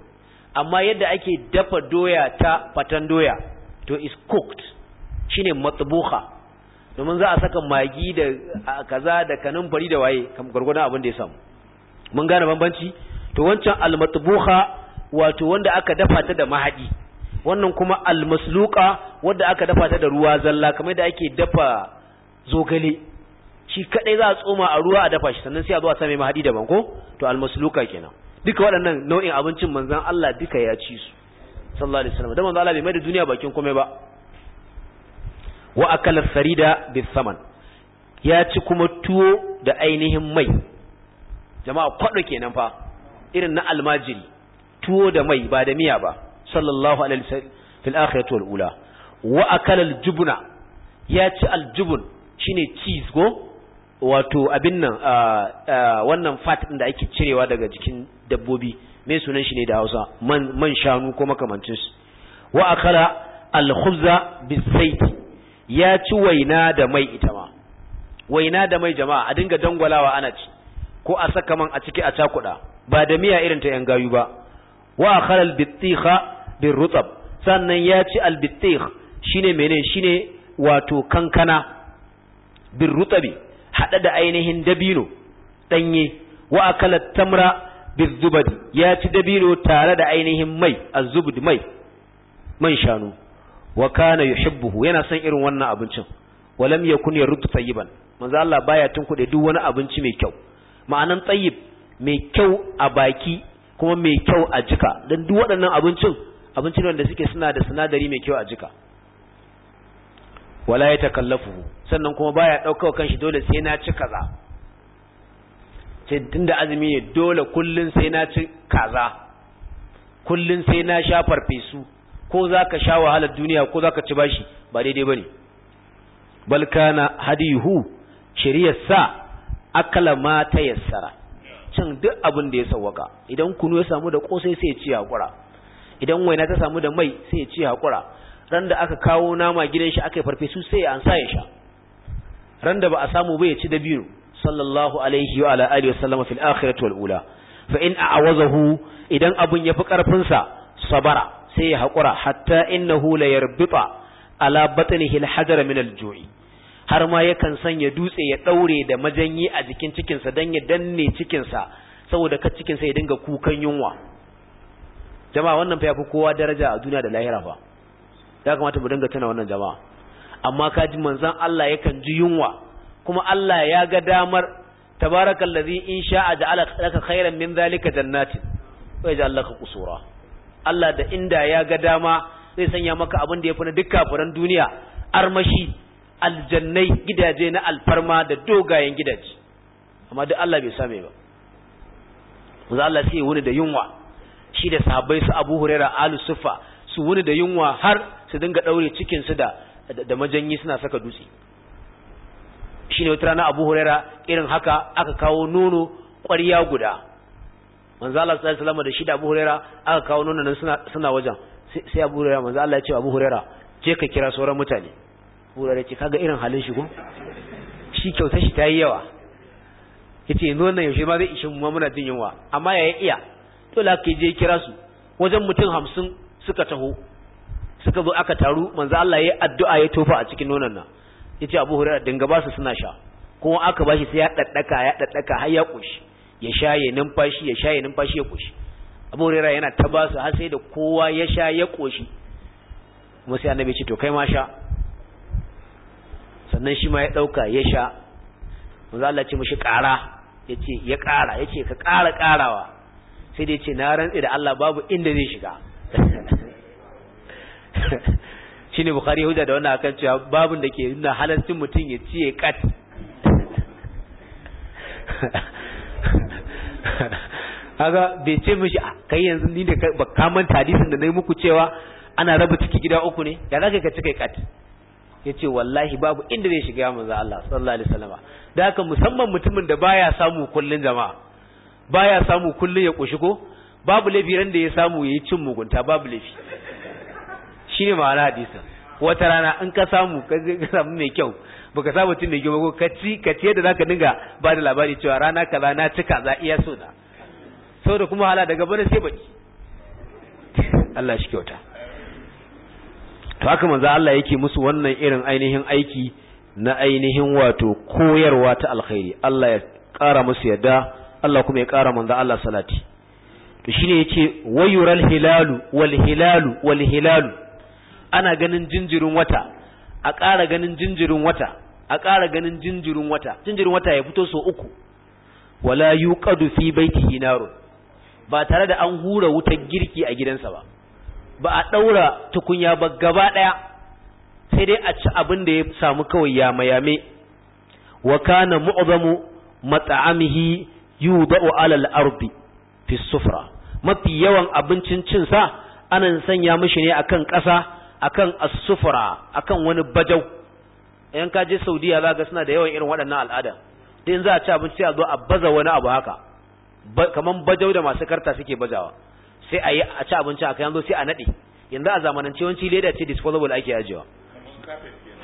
amma yadda ake dafa doya ta fatan doya to is cooked shine matbuha domin za a saka magi da kaza da kanin fari da waye gwargwadon abin da ya samu mun gane bambanci to wancan almatbuha wato wanda aka dafa ta da mahadi wannan kuma almasluqa wanda aka dafa ta da ruwa zalla kamar da ake dafa zogale shi kadai za a tsoma a ruwa a dafa shi sannan sai a zo a same mahadi daban ko to almasluqa kenan duka waɗannan nau'in abincin manzon Allah duka ya ci su sallallahu alaihi wasallam da manzon Allah bai mai da duniya bakin komai ba wa akala sarida bisaman ya ci kuma tuwo da ainihin mai jama'a kwado kenan fa irin na almajiri tuwo da mai ba da miya ba sallallahu alaihi wasallam fil akhirati wal ula wa akala aljubna ya ci aljubun shine cheese go wato abin nan wannan fat din da ake cirewa daga jikin dabbobi me sunan shi ne da Hausa man man shanu ko makamancin su wa akala alkhubza ya ci waina da mai ita ma waina da mai jama'a a dinga dangwalawa ana ci ko a saka man a ciki a cakuda ba da miya irin ta yan gayu ba wa khalal bittiha bir rutab sannan ya ci al bittih shine menene shine wato kankana bir rutabi hada da ainihin dabino danye wa akala tamra bir zubadi ya ci dabino tare da ainihin mai azubdi mai man shanu wa kana yuhibbuhu yana son irin wannan abincin walam yakun yaruddu tayyiban manzo Allah baya kuɗi duk wani abinci mai kyau ma'anan tayyib mai kyau a baki kuma mai kyau a jika dan duk waɗannan abincin abincin wanda suke suna da sinadari mai kyau a jika wala ya takallafu sannan kuma baya daukar kanshi dole sai na ci kaza tun da azumi ne dole kullun sai na ci kaza kullun sai na sha farfesu ko za ka sha wahalar duniya ko za ka ci bashi ba daidai ne. bal kana hadihu shiriyar sa akala ma ta yassara Can duk abin da ya sauwaka idan kunu ya samu da kosai sai ci hakura idan waina ta samu da mai sai ci hakura ran da aka kawo nama gidan shi aka farfesu sai ya ansa ya sha ran da ba a samu ba ya ci da dabino sallallahu alaihi wa alihi wasallam fil akhirati wal ula fa in a'awazahu idan abun ya fi karfin sa sabara sai ya haƙura hatta innahu la yarbita ala batnihi al min al-ju'i har ma yakan sanya dutse ya daure da majanyi a jikin cikinsa dan ya danne cikinsa saboda ka cikinsa ya dinga kukan yunwa jama'a wannan fa yafi kowa daraja a duniya da lahira fa ya kamata mu dinga tana wannan jama'a amma ka ji manzon Allah yakan ji yunwa kuma Allah ya ga damar tabarakallazi in sha'a ja'ala laka khairan min zalika jannatin wa ja'alaka qusura Allah da inda ya ga dama zai sanya maka abin da ya fi na duk kafiran duniya armashi aljannai gidaje na alfarma da dogayen gidaje amma duk Allah bai same ba za Allah sai wuni da yunwa shi da sahabbai su Abu Huraira Alu Sufa su wuni da yunwa har su dinga ɗaure cikinsu su da da majanyi suna saka dutse shine wata rana Abu Huraira irin haka aka kawo nono ƙwarya guda manzo Allah sallallahu alaihi wasallam da shida Abu Huraira aka kawo nan suna suna wajen sai Abu Huraira manzo Allah ya ce Abu Huraira je ka kira sauran mutane Abu Huraira ce kaga irin halin shi ko shi kyautar shi tayi yawa yace yanzu wannan yaushe ma zai ishin mu muna jin yunwa amma yaya iya dole ka je kira su wajen mutum hamsin suka taho suka zo aka taru manzo Allah ya addu'a ya tofa a cikin nonan nan yace Abu Hurairah dinga ba su suna sha kuma aka bashi sai ya daddaka ya daddaka har ya koshi ya shaye numfashi ya shaye numfashi ya koshi abu hurairah yana ta ba su hasai sai da kowa ya sha ya koshi kuma sai annabi ce to kai ma sha sannan shi ma ya dauka ya sha manzo Allah ce mishi kara yace ya kara yace ka kara karawa sai dai ce na rantsi da Allah babu inda zai shiga shine bukhari hujja da wannan akan cewa babun da ke nuna halaccin mutum ya ciye kat kaga bai ce mishi ah, kai yanzu ni ne ba ka manta hadisin da nayi muku cewa ana raba ciki gida uku ne da zaka ka cika kat yace wallahi babu inda zai shiga manzo Allah sallallahu alaihi wasallama da haka musamman mutumin da baya samu kullun jama'a baya samu kullun ya kushi ko babu laifi ran da ya samu yayi cin mugunta babu laifi shine ma'ana hadisin wata rana in ka samu ka samu mai kyau baka saba tun da girma ko ka ci ka ci yadda dinga ba da labari cewa rana kaza na cika za iya so na saboda kuma hala daga bana sai baki Allah shi kyauta to haka manzo Allah yake musu wannan irin ainihin aiki na ainihin wato koyarwa ta alkhairi Allah ya ƙara musu yadda Allah kuma ya kara manzo Allah salati to shine yace wayural hilalu wal hilalu wal hilalu ana ganin jinjirin wata a ƙara ganin jinjirin wata a ƙara ganin jinjirin wata jinjirin wata ya fito so uku wala yuqadu fi baitihi narun ba tare da an hura wutar girki a gidansa ba ba a daura tukunya ba gaba daya sai dai a ci abin da ya samu kawai ya mayame wa kana mu'zamu mat'amihi yudau ala al-ardi fi sufra mafi yawan abincin cin sa anan sanya mishi ne akan ƙasa akan asufura akan wani bajau yan ka je saudiya za ga suna da yawan irin waɗannan al'ada da yanzu a ci abinci a zo a baza wani abu haka kaman bajau da masu karta suke bajawa sai a yi a ci abinci a zo sai a naɗe yanzu a zamanance yawanci leda ce disposable ake ajiyewa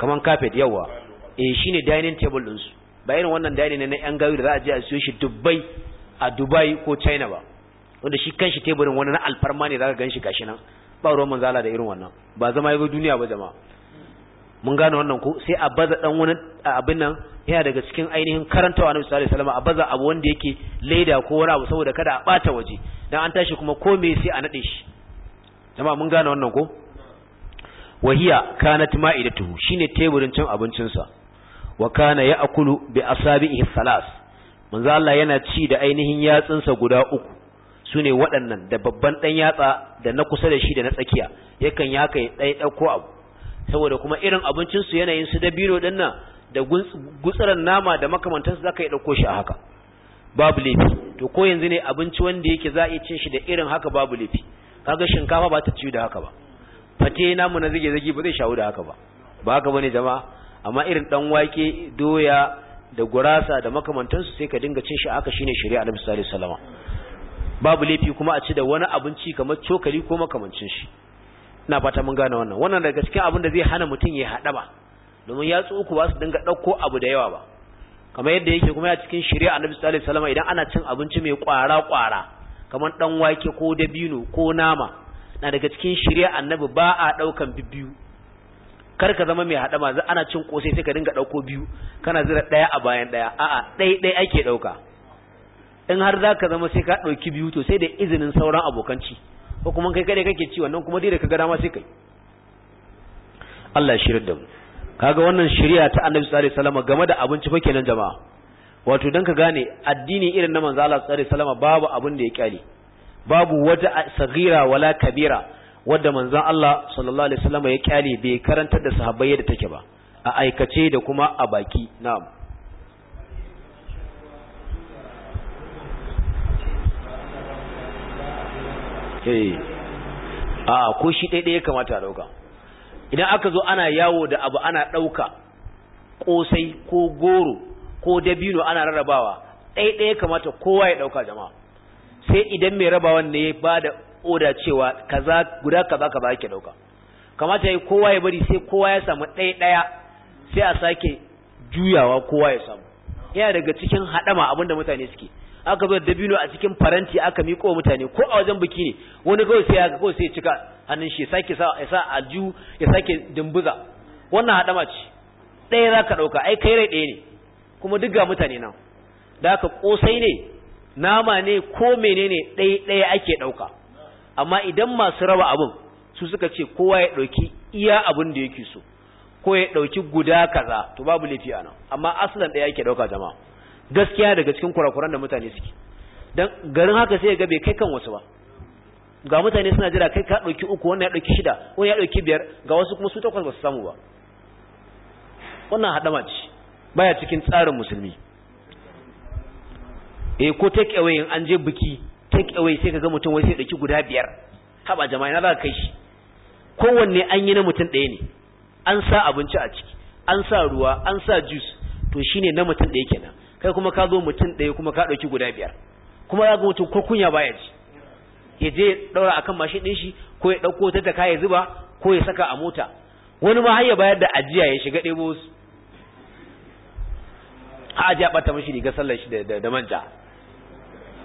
kaman carpet yawa eh shine dining table ɗinsu ba irin wannan dining ne na yan gawi da za a je a siyo shi dubai a dubai ko china ba wanda shi kan shi teburin wani na alfarma ne za ka gan shi gashi nan ba ruwan manzo Allah da irin wannan ba zama yazo duniya ba jama'a mun gane wannan ko sai a baza dan wani abin nan yana daga cikin ainihin karantawa na sallallahu alaihi wasallam a baza abu wanda yake leda ko wani abu saboda kada a bata waje dan an tashi kuma ko me sai a nade shi jama'a mun gane wannan ko wahiya kanat ma'idatu shine teburin cin abincin sa wa kana ya'kulu bi asabihi thalas manzo Allah yana ci da ainihin yatsunsa guda uku sune waɗannan da babban dan yatsa da na kusa da shi da na tsakiya yakan ya kai ɗaya ɗauko abu saboda kuma irin abincinsu yanayin su da biro ɗin nan da gutsuran nama da makamantansu za ka yi ɗauko shi a haka babu laifi to ko yanzu ne abinci wanda yake za a iya cin shi da irin haka babu laifi kaga shinkafa ba ta ciyu da haka ba fate namu na zige zage ba zai shawo da haka ba ba haka bane jama'a amma irin dan wake doya da gurasa da makamantansu sai ka dinga cin shi haka shine shari'a Annabi sallallahu alaihi wasallam babu laifi kuma a ci da wani abinci kamar cokali ko makamancin shi ina fata mun gane wannan wannan daga cikin abin da zai hana mutum ya haɗa ba domin ya uku ba su dinga ɗauko abu da yawa ba kamar yadda yake kuma ya cikin shari'a annabi sallallahu alaihi wasallam idan ana cin abinci mai kwara kwara kamar dan wake ko dabino ko nama na daga cikin shari'a annabi ba a ɗaukan bibbiyu kar ka zama mai haɗama ana cin kosai sai ka dinga ɗauko biyu kana zira ɗaya a bayan daya a'a ɗai ɗai ake ɗauka in har za ka zama sai ka ɗauki biyu to sai da izinin sauran abokanci ko kuma kai kaɗai kake ci wannan kuma dai da ka ga dama sai kai Allah ya shirya da mu kaga wannan shari'a ta Annabi sallallahu alaihi wasallam game da abinci fa kenan jama'a wato dan ka gane addini irin na manzo Allah sallallahu alaihi wasallam babu abin da ya kyale babu wata sagira wala kabira wadda manzo Allah sallallahu alaihi wasallam ya kyale bai karantar da sahabbai yadda take ba a aikace da kuma a baki na'am Eh. a ko shi daidai ya kamata a idan aka zo ana yawo da abu ana ɗauka ƙosai ko goro ko dabino ana rarrabawa daidai ya kamata kowa ya ɗauka jama'a sai idan mai rabawan ne ya ba da oda cewa kaza guda kaza kaza ke ɗauka. kamata yi kowa ya bari sai kowa ya samu ɗaya sai a sake juyawa kowa ya samu yana daga cikin haɗama abinda mutane suke aka zo dabino a cikin faranti aka miƙo wa mutane ko a wajen biki ne wani kawai sai ya kawai sai ya cika hannun shi sake sa ya sa aju ya sake dumbuza wannan hadama ce ɗaya za ka ɗauka ai kai rai ɗaya ne kuma duk ga mutane nan da aka ƙosai ne nama ne ko menene ɗaya ɗaya ake ɗauka amma idan masu raba abin su suka ce kowa ya ɗauki iya abin da yake so ko ya ɗauki guda kaza to babu laifi a nan amma asalin ɗaya ake ɗauka jama'a gaskiya daga cikin kurakuran da mutane suke dan garin haka sai ga bai kai kan wasu ba ga mutane suna jira kai ka dauki uku wannan ya dauki shida wannan ya dauki biyar ga wasu kuma su takwas ba su samu ba wannan hadama ce baya cikin tsarin musulmi eh ko take away in an je biki take away sai kaga mutum wai sai dauki guda biyar haba jama'a na za ka kai shi kowanne an yi na mutum ɗaya ne an sa abinci a ciki an sa ruwa an sa juice to shine na mutum ɗaya kenan kai kuma ka zo mutum ɗaya kuma ka ɗauki guda biyar kuma za ga mutum ko kunya baya ji ya je ya ɗaura akan mashin ɗin shi ko ya ɗauko ta ka ya zuba ko ya saka a mota wani ma har ya bayar da ajiya ya shiga ɗebo su a ajiya ɓata mashi riga sallar shi da manja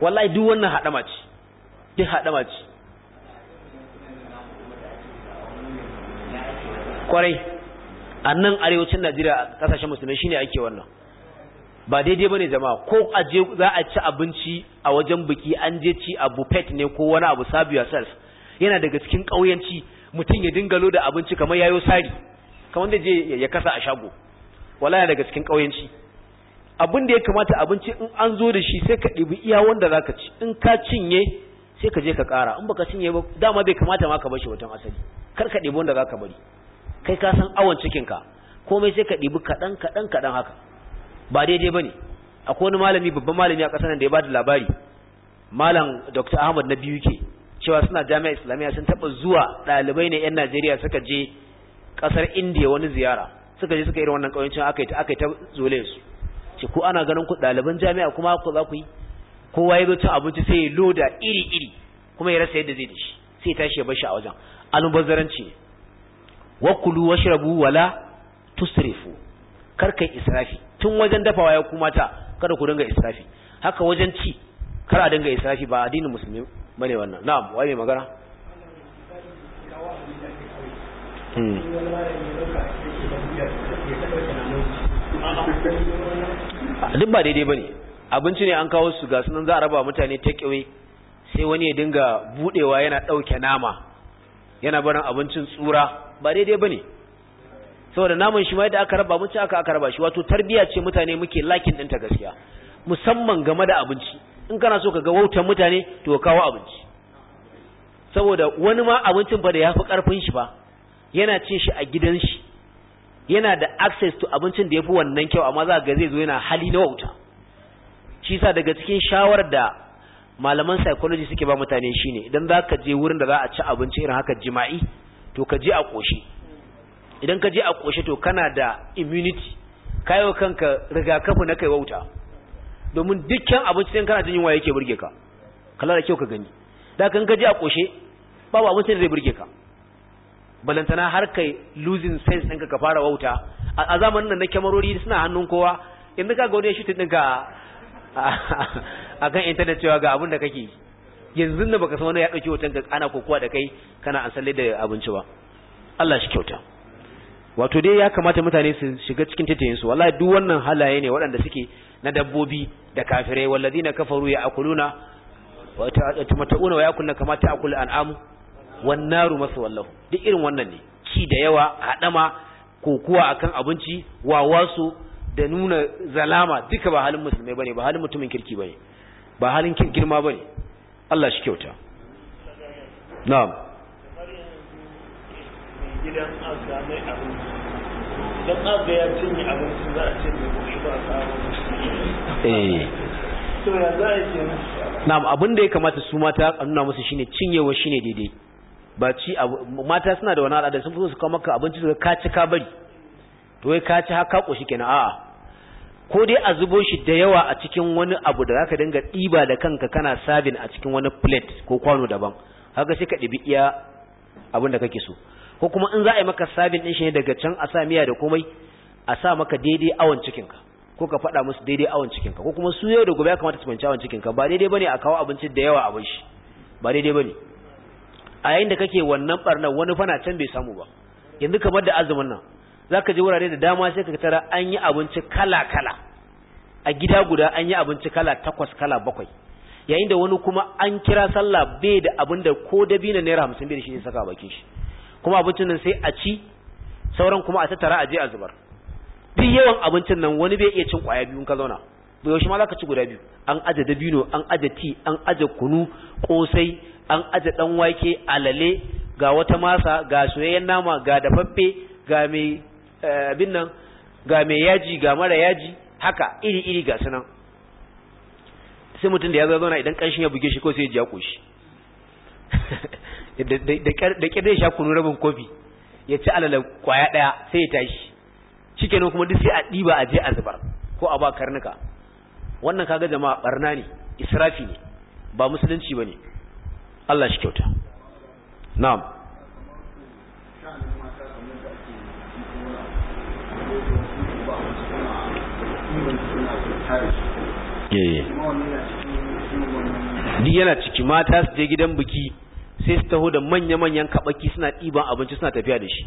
wallahi duk wannan haɗama ce duk haɗama ce kwarai a nan arewacin najeriya ƙasashen musulmai shine ake wannan ba daidai bane jama'a ko a je za a ci abinci a wajen biki an je ci a buffet ne ko wani abu sabi yourself yana daga cikin kauyanci mutum ya dingalo da abinci kamar yayo sari kamar da je ya kasa a shago wallahi daga cikin kauyanci abin da ya kamata abinci in an zo da shi sai ka ɗibi iya wanda zaka ci in ka cinye sai ka je ka ƙara in baka cinye ba dama bai kamata ma ka bashi wajen asali kar ka ɗibi wanda zaka bari kai ka san awon cikinka komai sai ka ɗibi kaɗan kaɗan kaɗan haka ba daidai ne akwai wani malami babban malami a kasar nan da ya ba da labari malam Dr. Ahmad na biyu ke cewa suna jami'a islamiyya sun taba zuwa ɗalibai ne yan Najeriya suka je ƙasar Indiya wani ziyara suka je suka irin wannan kauyancin aka yi ta zole su ce ko ana ganin ku ɗaliban jami'a kuma ku za ku yi kowa ya zo cin abinci sai ya loda iri iri kuma ya rasa yadda zai dashi sai tashi ya bar a wajen almubazzaranci ne wakulu washrabu wala tusrifu kar israfi tun wajen dafawa ya kuma ta kada ku dinga israfi haka wajen ci kar a dinga israfi ba addinin musulmi bane wannan na'am wai mai magana hmm. duk ba daidai bane abinci ne an kawo su ga sunan za a raba mutane take away sai wani ya dinga budewa yana dauke nama yana barin abincin tsura ba daidai bane saboda naman shi ma yadda aka raba mun ci aka aka raba shi wato tarbiya ce mutane muke lakin din ta gaskiya musamman game da abinci in kana so ka ga wautan mutane to ka kawo abinci saboda wani ma abincin ba da yafi karfin shi ba yana cin shi a gidan shi yana da access to abincin da yafi wannan kyau amma za ga zai zo yana hali na wauta shi sa daga cikin shawarar da malaman psychology suke ba mutane shine idan za ka je wurin da za a ci abinci irin haka jima'i to ka je a koshi idan ka je a ƙoshe to kana da immunity kayo kanka rigakafi na kai wauta domin dukkan abinci sai kana jin yake burge ka kala da kyau ka gani da kan ka je a ƙoshe babu abinci da zai burge ka balantana har kai losing sense ɗinka ka fara wauta a zamanin nan na kyamarori suna hannun kowa inda ka ga ya shi ɗinka a kan intanet cewa ga abin da kake yanzu da baka san wani ya ɗauki hoton ana kokowa da kai kana an salle da abinci ba Allah shi kyauta wato dai ya kamata mutane su shiga cikin titayen su wallahi duk wannan halaye ne waɗanda suke na dabbobi da kafirai walladina kafaru ya akuluna wa tamatuna wa yakuluna kama ta'kul an'am wan naru wallahu. duk irin wannan ne ki da yawa hadama kokuwa akan abinci wawasu da nuna zalama duka ba halin musulmai bane ba halin mutumin kirki bane ba halin girma bane Allah shi kyauta na'am gidan azza mai abinci dan azza ya cinye abinci za a ce mai kuɗi ba a samu eh. Na'am abin da ya kamata su mata a nuna musu shine cinyewa shine daidai. Ba ci mata suna da wani al'ada sun fi su kawo maka abinci da ka ci ka bari. To wai ka ci ha ka koshi kenan a'a. Ko dai a zubo shi da yawa a cikin wani abu da zaka dinga ɗiba da kanka kana sabin a cikin wani plate ko kwano daban. Haka sai ka dibi iya abin da kake so. ko kuma in za a yi maka sabin din shi ne daga can a sa miya da komai a sa maka daidai awon cikinka ko ka faɗa musu daidai awon cikinka ko kuma su yau da gobe ya kamata su fahimci awon cikinka ba daidai bane a kawo abinci da yawa a bai shi ba daidai bane a yayin da kake wannan barnar wani fana can bai samu ba yanzu kamar da azumin nan zaka je wurare da dama sai ka tara an yi abinci kala kala a gida guda an yi abinci kala takwas kala bakwai yayin da wani kuma an kira sallah bai da abin da ko dabina naira hamsin bai da shi ne saka bakin shi kuma abincin nan sai a ci sauran kuma a tattara a je a zubar duk yawan abincin nan wani bai iya cin kwaya biyu ka zauna bai yaushe ma zaka ci guda biyu an aje dabino an aje ti an aje kunu kosai an aje dan wake alale ga wata masa ga soyayyen nama ga dafaffe ga mai eh, abin nan ga mai yaji ga mara yaji haka iri iri ga sunan sai mutum da ya zauna idan kanshin ya buge shi ko sai ya ji ya koshi da ƙyar zai sha kunu rabin kofi ya ci alala kwaya ɗaya sai ya tashi cike kuma duk sai a ɗiba a je a zubar ko a ba karnuka wannan kaga jama'a barna ne israfi ne ba musulunci ba ne Allah shi kyauta na'am Yeah. yana ciki mata su je gidan biki sai su taho da manya-manyan kabaki suna ɗiban abinci suna tafiya da shi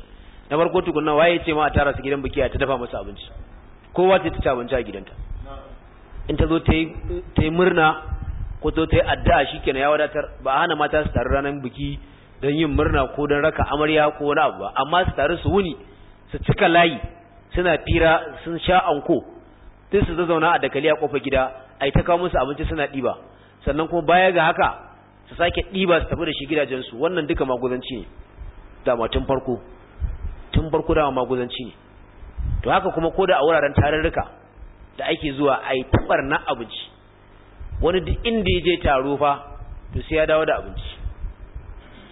na farko tukunna waye ce ma a tara su gidan biki a ta dafa masa abinci kowa ta ci abinci a gidanta in ta zo ta yi murna ko ta ta yi addu'a shikenan ya wadatar ba a hana mata su taru ranar biki don yin murna ko don raka amarya ko wani abu ba amma su taru su wuni su cika layi suna fira sun sha anko tun su zazzauna a dakali a kofar gida a yi ta kawo musu abinci suna ɗiba sannan kuma baya ga haka su sake ɗiba su tafi da shi gidajensu wannan duka maguzanci ne dama tun farko tun farko dama maguzanci ne to haka kuma ko da a wuraren tarurruka da ake zuwa a yi tabar na abinci wani duk inda ya je taro fa to sai ya dawo da abinci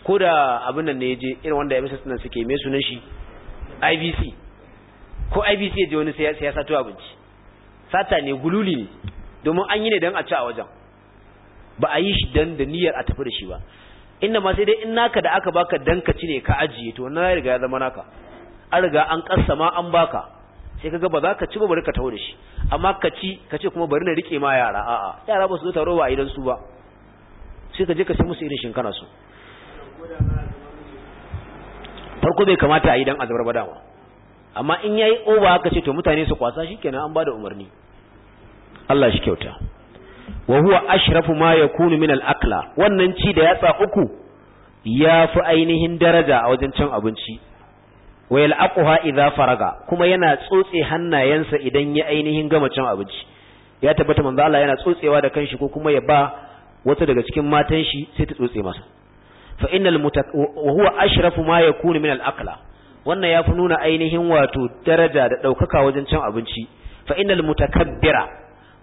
ko da abin nan ne ya je irin wanda ya misa sunan suke mai sunan shi ibc ko ibc ya je wani sai ya sato abinci sata ne gululi ne domin an yi ne don a ci a wajen ba a yi shi dan da niyyar a tafi da shi ba inda ma sai dai in naka da aka baka dan ka cire ka ajiye to wannan ya riga ya zama naka an riga an kassama an baka sai kaga ba za ka ci ba bari ka taho da shi amma ka ci ka ce kuma bari na rike ma yara a'a yara ba su zo taro ba a idan su ba sai ka je ka ci musu irin shinkana su farko bai kamata a yi dan azabar ba dama amma in yayi oba ka ce to mutane su kwasa shikenan an bada umarni Allah shi kyauta wa huwa ashrafu ma yakunu min al-akla wannan ci da yatsa uku ya fi ainihin daraja a wajen cin abinci wa yal'aquha idza faraga kuma yana tsotse hannayensa idan ya ainihin gama cin abinci ya tabbata manzo Allah yana tsotsewa da kanshi ko kuma ya ba wata daga cikin matan shi sai ta tsotse masa fa innal wa huwa ashrafu ma yakunu min al-akla wannan ya fi nuna ainihin wato daraja da daukaka wajen cin abinci fa innal mutakabbira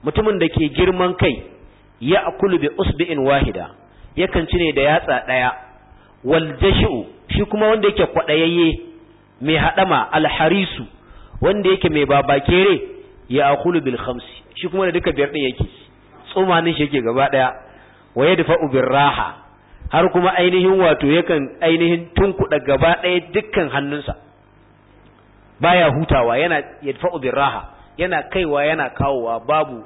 mutumin da ke girman kai ya akulu bi usbi'in wahida yakan ci ne da yatsa ɗaya wal jashu shi kuma wanda yake kwaɗayayye mai haɗama alharisu wanda yake mai babakere ya akulu bil khamsi shi kuma da duka biyar ɗin yake tsumanin shi yake gaba ɗaya wa yadfa'u bir raha har kuma ainihin wato yakan ainihin tunkuɗa gaba ɗaya dukkan hannunsa baya hutawa yana yadfa'u bir raha yana kaiwa yana kawowa babu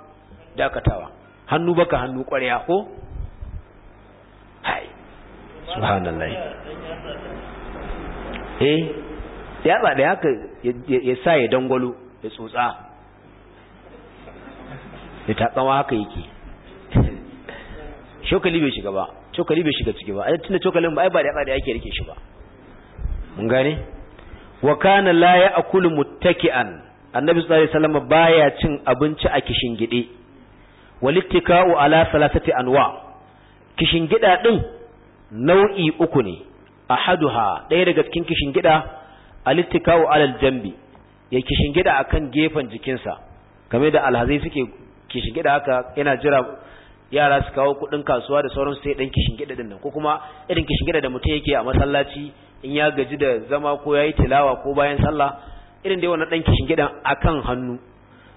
dakatawa hannu baka hannu ƙwarya ko hai Subhanallah. eh ya ba da haka ya sa ya dangwalo ya tsotsa ya taɓawa haka yake shokali bai shiga ba cokali bai shiga ciki ba a tunda cokalin ba ai ba da ba da yake rike shi ba mun gane wa kana la ya'kulu muttaki'an annabi sallallahu alaihi wasallam baya cin abinci a kishin gide walittika'u ala salasati anwa kishin gida din nau'i uku ne ahaduha ɗaya daga cikin kishin gida alittika'u ala aljambi ya kishin gida akan gefen jikinsa game da alhazai suke kishin gida haka yana jira yara su kawo kudin kasuwa da sauran sai dan kishin gida din nan ko kuma irin kishin gida da mutum yake a masallaci in ya gaji da zama ko yayi tilawa ko bayan sallah irin dai wannan dan kishin gidan akan hannu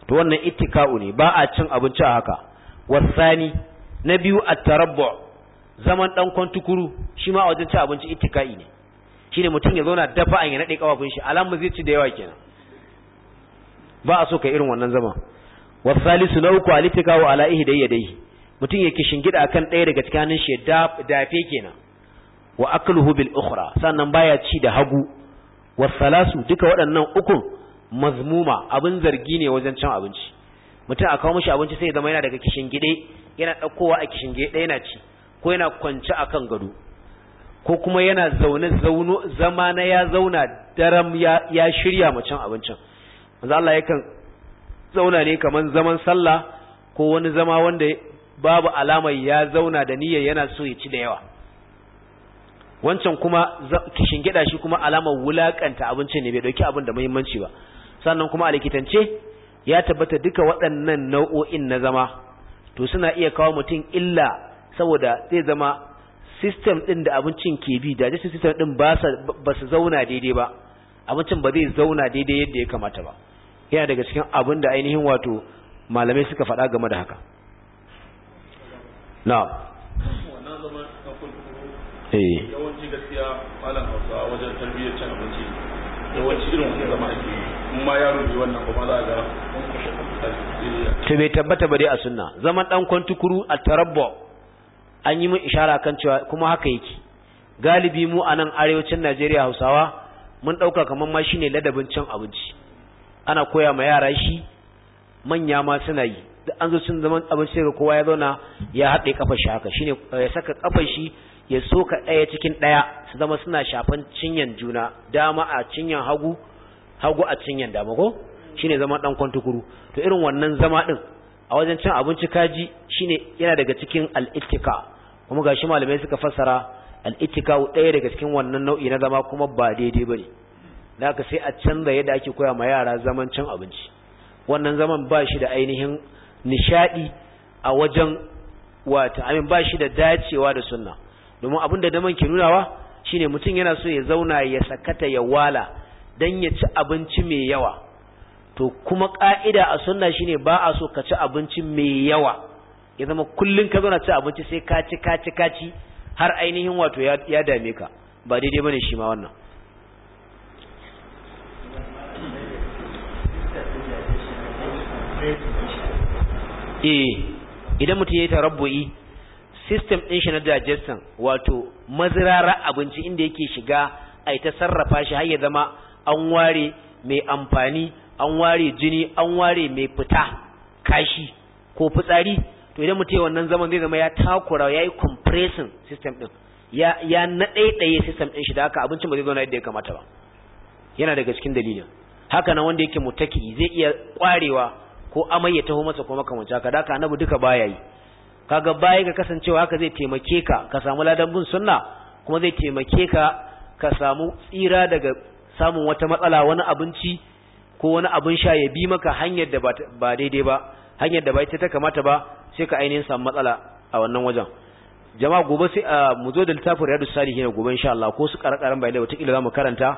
to wannan ittika'u ne ba a cin abinci a haka wasani na biyu a tarabba zaman dan kwantukuru shi ma a wajen ci abinci itikai ne shine mutum ya zauna dafa an ya naɗe kawafin shi alamu zai ci da yawa kenan ba a so ka irin wannan zama wasalisu na uku alitika wa ala ihdayhi mutum ya kishingida akan ɗaya daga cikin hannun shi dafe kenan wa akluhu bil ukhra sannan baya ci da hagu wasalasu duka waɗannan ukun mazmuma abin zargi ne wajen cin abinci mutum a kawo mishi abinci sai ya zama yana daga kishin gide yana ɗaukowa a kishin gide yana ci ko yana kwance a kan gado ko kuma yana zaune zama na ya zauna daram ya, shirya shirya macen abincin wanzu Allah yakan zauna ne kamar zaman sallah ko wani zama wanda babu alamar ya zauna da niyyar yana so ya ci da yawa wancan kuma kishin gida shi kuma alamar wulakanta abincin ne bai ɗauki abin da muhimmanci ba sannan kuma a likitance ya tabbata duka waɗannan nau'o'in na zama to suna iya kawo mutum illa saboda zai zama system ɗin da abincin ke bi da jisun system ɗin ba su zauna daidai ba abincin ba zai zauna daidai yadda ya kamata ba yana daga cikin abin da ainihin wato malamai suka faɗa game da haka na eh. yawanci gaskiya malam hausa wajen tarbiyyar cin abinci yawanci irin wani zama ake yi ma ya rubi wannan za ga to bai tabbata ba dai a sunna zaman dan kwantukuru a tarabba an yi mun ishara kan cewa kuma haka yake galibi mu a nan arewacin Najeriya Hausawa mun dauka kamar ma shine ladabin cin abinci ana koya ma yara shi manya ma suna yi duk an zo sun zaman abinci ga kowa ya zauna ya haɗe kafar shi haka shine eh, ya saka kafar shi ya soka ɗaya cikin ɗaya su zama suna shafan cinyan juna dama a cinyan hagu hagu a cinyan dama ko shine zama dan kwantukuru to irin wannan zama din a wajen cin abinci kaji shine yana daga cikin al-ittika kuma gashi malamai suka fassara al-ittika ɗaya daga cikin wannan nau'i na zama kuma ba daidai bane zaka sai a canza yadda ake koya ma yara zaman cin abinci wannan zaman ba shi da ainihin nishadi a wajen wata amin ba shi da dacewa da sunna domin abin da daman ke nunawa shine mutum yana so ya zauna ya sakata ya wala dan ya ci abinci mai yawa to kuma ƙa'ida a sunna shine ba a so ka ci abinci mai yawa ya zama kullun ka zauna ci abinci sai ka ci ka ci ka ci har ainihin wato ya dame ka ba daidai bane shi ma wannan eh idan mutum ya yi tarabbu'i system ɗin shi na digestion wato mazirara abinci inda yake shiga a ta sarrafa shi har ya zama an ware mai amfani an ware jini an ware mai fita kashi ko fitsari to idan mutum wannan zaman zai zama ya takura yayi yi system din ya ya naɗaiɗaye system din shi da haka abincin ba zai zauna yadda ya kamata ba yana daga cikin dalilin haka nan wanda yake mutaki zai iya kwarewa ko amai ya taho masa ko makamanta ka da haka annabi duka baya yi kaga baya ga kasancewa haka zai taimake ka ka samu ladan bin sunna kuma zai taimake ka ka samu tsira daga samun wata matsala wani abinci ko wani abin sha ya bi maka hanyar da ba daidai ba hanyar da ba ita ta kamata ba sai ka ainihin samu matsala a wannan wajen jama'a gobe sai ah, mu zo da littafin riyadus salihin gobe insha Allah ko su karakaran bai da wata kila zamu karanta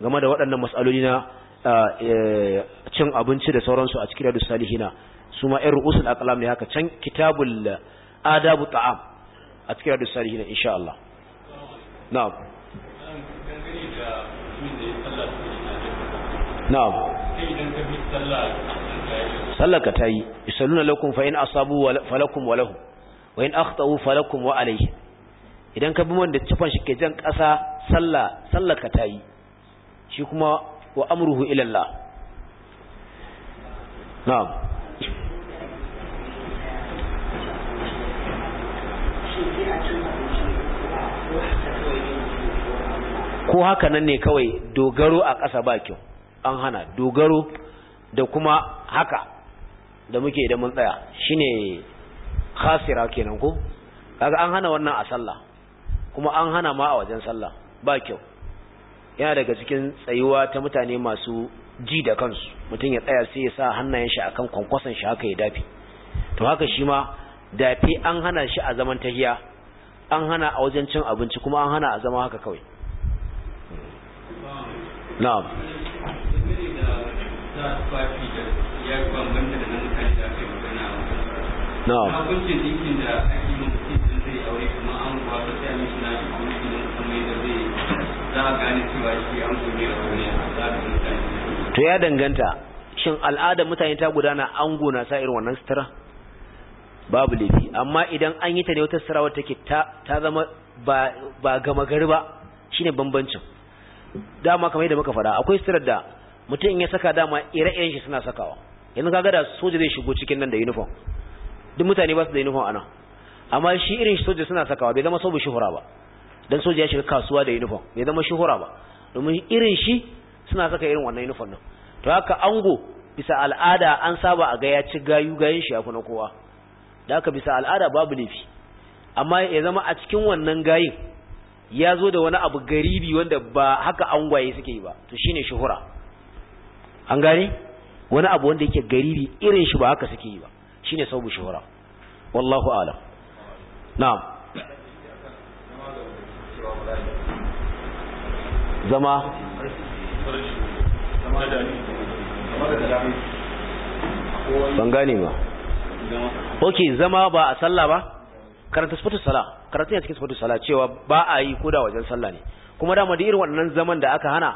game da waɗannan mas'aloli na ah, eh, cin abinci da sauransu a cikin riyadus salihina su ma ɗan ru'usul aqlam ne haka can kitabul ah, adabu ta'am a cikin riyadus salihina insha Allah na'am na'am sallaka ta yi isalluna lakum fa in asabu falakum wa lahu wa in akhtau falakum wa alayhi idan ka bi wanda tufan shi ke jan kasa sallah sallaka ta yi shi kuma wa amruhu ila Allah na'am ko haka nan ne kawai dogaro a ƙasa ba kyau an hana dogaro da kuma haka da muke da mun tsaya shine khasira kenan ko kaga an hana wannan a sallah kuma an hana ma a wajen sallah ba kyau yana daga cikin tsayuwa ta mutane masu ji da kansu mutum ya tsaya sai ya sa hannayen shi akan kwankwason shi haka ya dafi to haka shi ma dafi an hana shi a zaman tahiya an hana a wajen cin abinci kuma an hana a zama haka kawai na'am na'am to ya danganta shin al'adar mutane ta gudana ango na sa irin wannan sutura babu laifi amma idan an yi ta ne wata sutura wata take ta zama ba gama gari ba shine bambancin dama kamar yadda muka fada akwai sutura da mutum ya saka dama ire-iren shi suna sakawa yanzu kaga da soja zai shigo cikin nan da uniform duk mutane ba su da uniform anan amma shi irin shi soja suna sakawa bai zama sobu shuhura ba dan soja ya shiga kasuwa da uniform bai zama shuhura ba domin irin shi suna saka irin wannan uniform din to haka ango bisa al'ada an saba a ga ya ci gayu gayin shi ya kuna kowa da haka bisa al'ada babu laifi amma ya zama a cikin wannan gayin ya zo da wani abu garibi wanda ba haka angwaye suke yi ba to shine shuhura an gane wani abu wanda yake garibi irin shi ba haka suke yi ba shine sabu shuhura wallahu alam na'am zama ban gane ba ok zama ba a sallah ba karanta sifatu sala karatu ne cikin sifatu sala cewa ba a yi koda wajen sallah ne kuma damar da irin waɗannan zaman da aka hana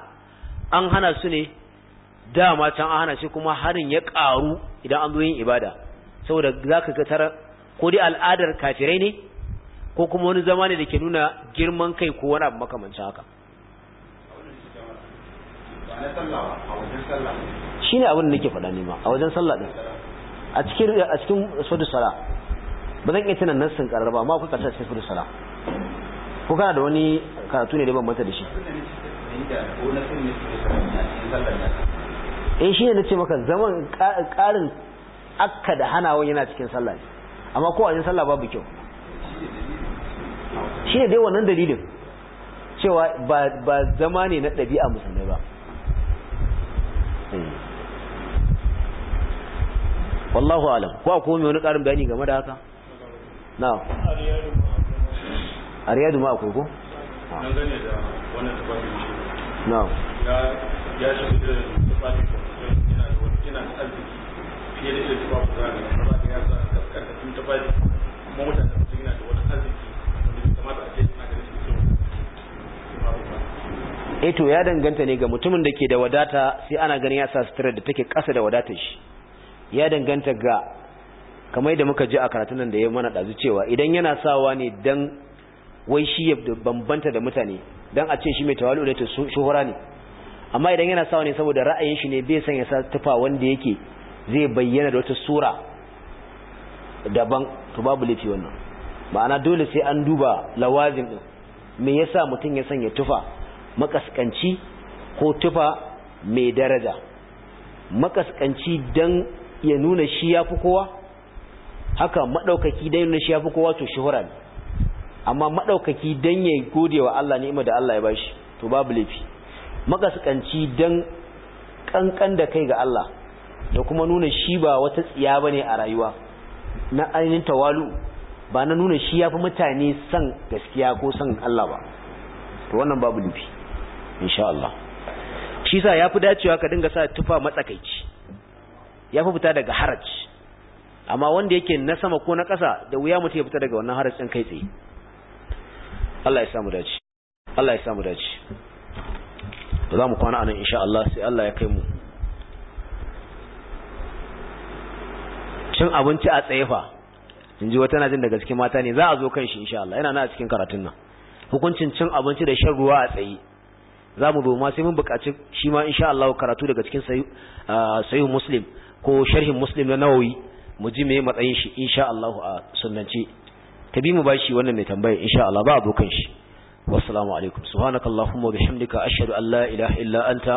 an hana su ne dama can a hana shi kuma harin ya ƙaru idan an zo yin ibada saboda za ka gatar ko dai al'adar kafirai ne ko kuma wani zama ne da ke nuna girman kai ko wani abu makamanci haka shi ne abin da nake faɗa nema a wajen sallah ɗin a cikin a cikin sudu sala ba zan iya tunan nassin karar ba amma kuka cikin sudu sala ko kana da wani karatu ne da ban mata da shi in eh, shi ne na ce maka zaman ƙarin akka da hanawa yana cikin sallah ne amma ko a sallah babu kyau shi ne dai wannan dalilin cewa ba zama ne na ɗabi'a musulmai ba eh. wallahu alam ko a kome wani ƙarin bayani game da haka na a riyadu ma akwai shi. na ya shi da shi. suna da arziki fiye da irin tufafi za ga ba ta yasa ya sa kaskanta tun ta baji amma mutane da mutum yana da wani arziki wanda bai kamata a ce suna ganin shi kyau eh to ya danganta ne ga mutumin da ke da wadata sai ana ganin ya sa sutura da take kasa da wadatar shi ya danganta ga kamar yadda muka ji a karatun nan da ya mana dazu cewa idan yana sawa ne dan wai shi ya bambanta da mutane dan a ce shi mai tawali'u ne to shuhura ne amma idan yana sawa ne saboda ra'ayin shi ne bai san ya sa tufa wanda yake zai bayyana da wata sura daban to babu laifi wannan ma'ana dole sai an duba lawazim din me yasa mutum ya sanya tufa makaskanci ko tufa mai daraja makaskanci dan ya nuna shi yafi kowa haka madaukaki dan ya nuna shi yafi kowa to shuhura amma madaukaki dan ya gode wa Allah ni'ima da Allah ya bashi to babu laifi magaskanci don kankan da kai ga Allah da kuma nuna shi ba wata tsiya ne a rayuwa na ainihin tawalu ba na nuna shi ya fi mutane san gaskiya ko san Allah ba to wannan babu nufi, insha Allah shi sa yafi dacewa ka dinga sa tufa matsakaici ya fi fita daga haraj amma wanda yake na sama ko na ƙasa da wuya mutum ya fita daga wannan haraj ɗin kai tsaye Allah ya samu dace Allah ya samu dace to za mu kwana anan insha Allah sai Allah ya kai mu cin abinci a tsayefa in ji wata jin daga cikin mata ne za a zo kan shi insha Allah yana na cikin karatun nan hukuncin cin abinci da shan ruwa a tsaye za mu zo ma sai mun buƙaci shi ma insha Allah karatu daga cikin sayu muslim ko sharhin muslim na nawawi mu ji me matsayin shi insha Allah a sunnance ta bi mu bashi wannan mai tambaya insha Allah ba abokan shi wassalamu alaikum subhanakallahumma wa bihamdika ashhadu an la ilaha illa anta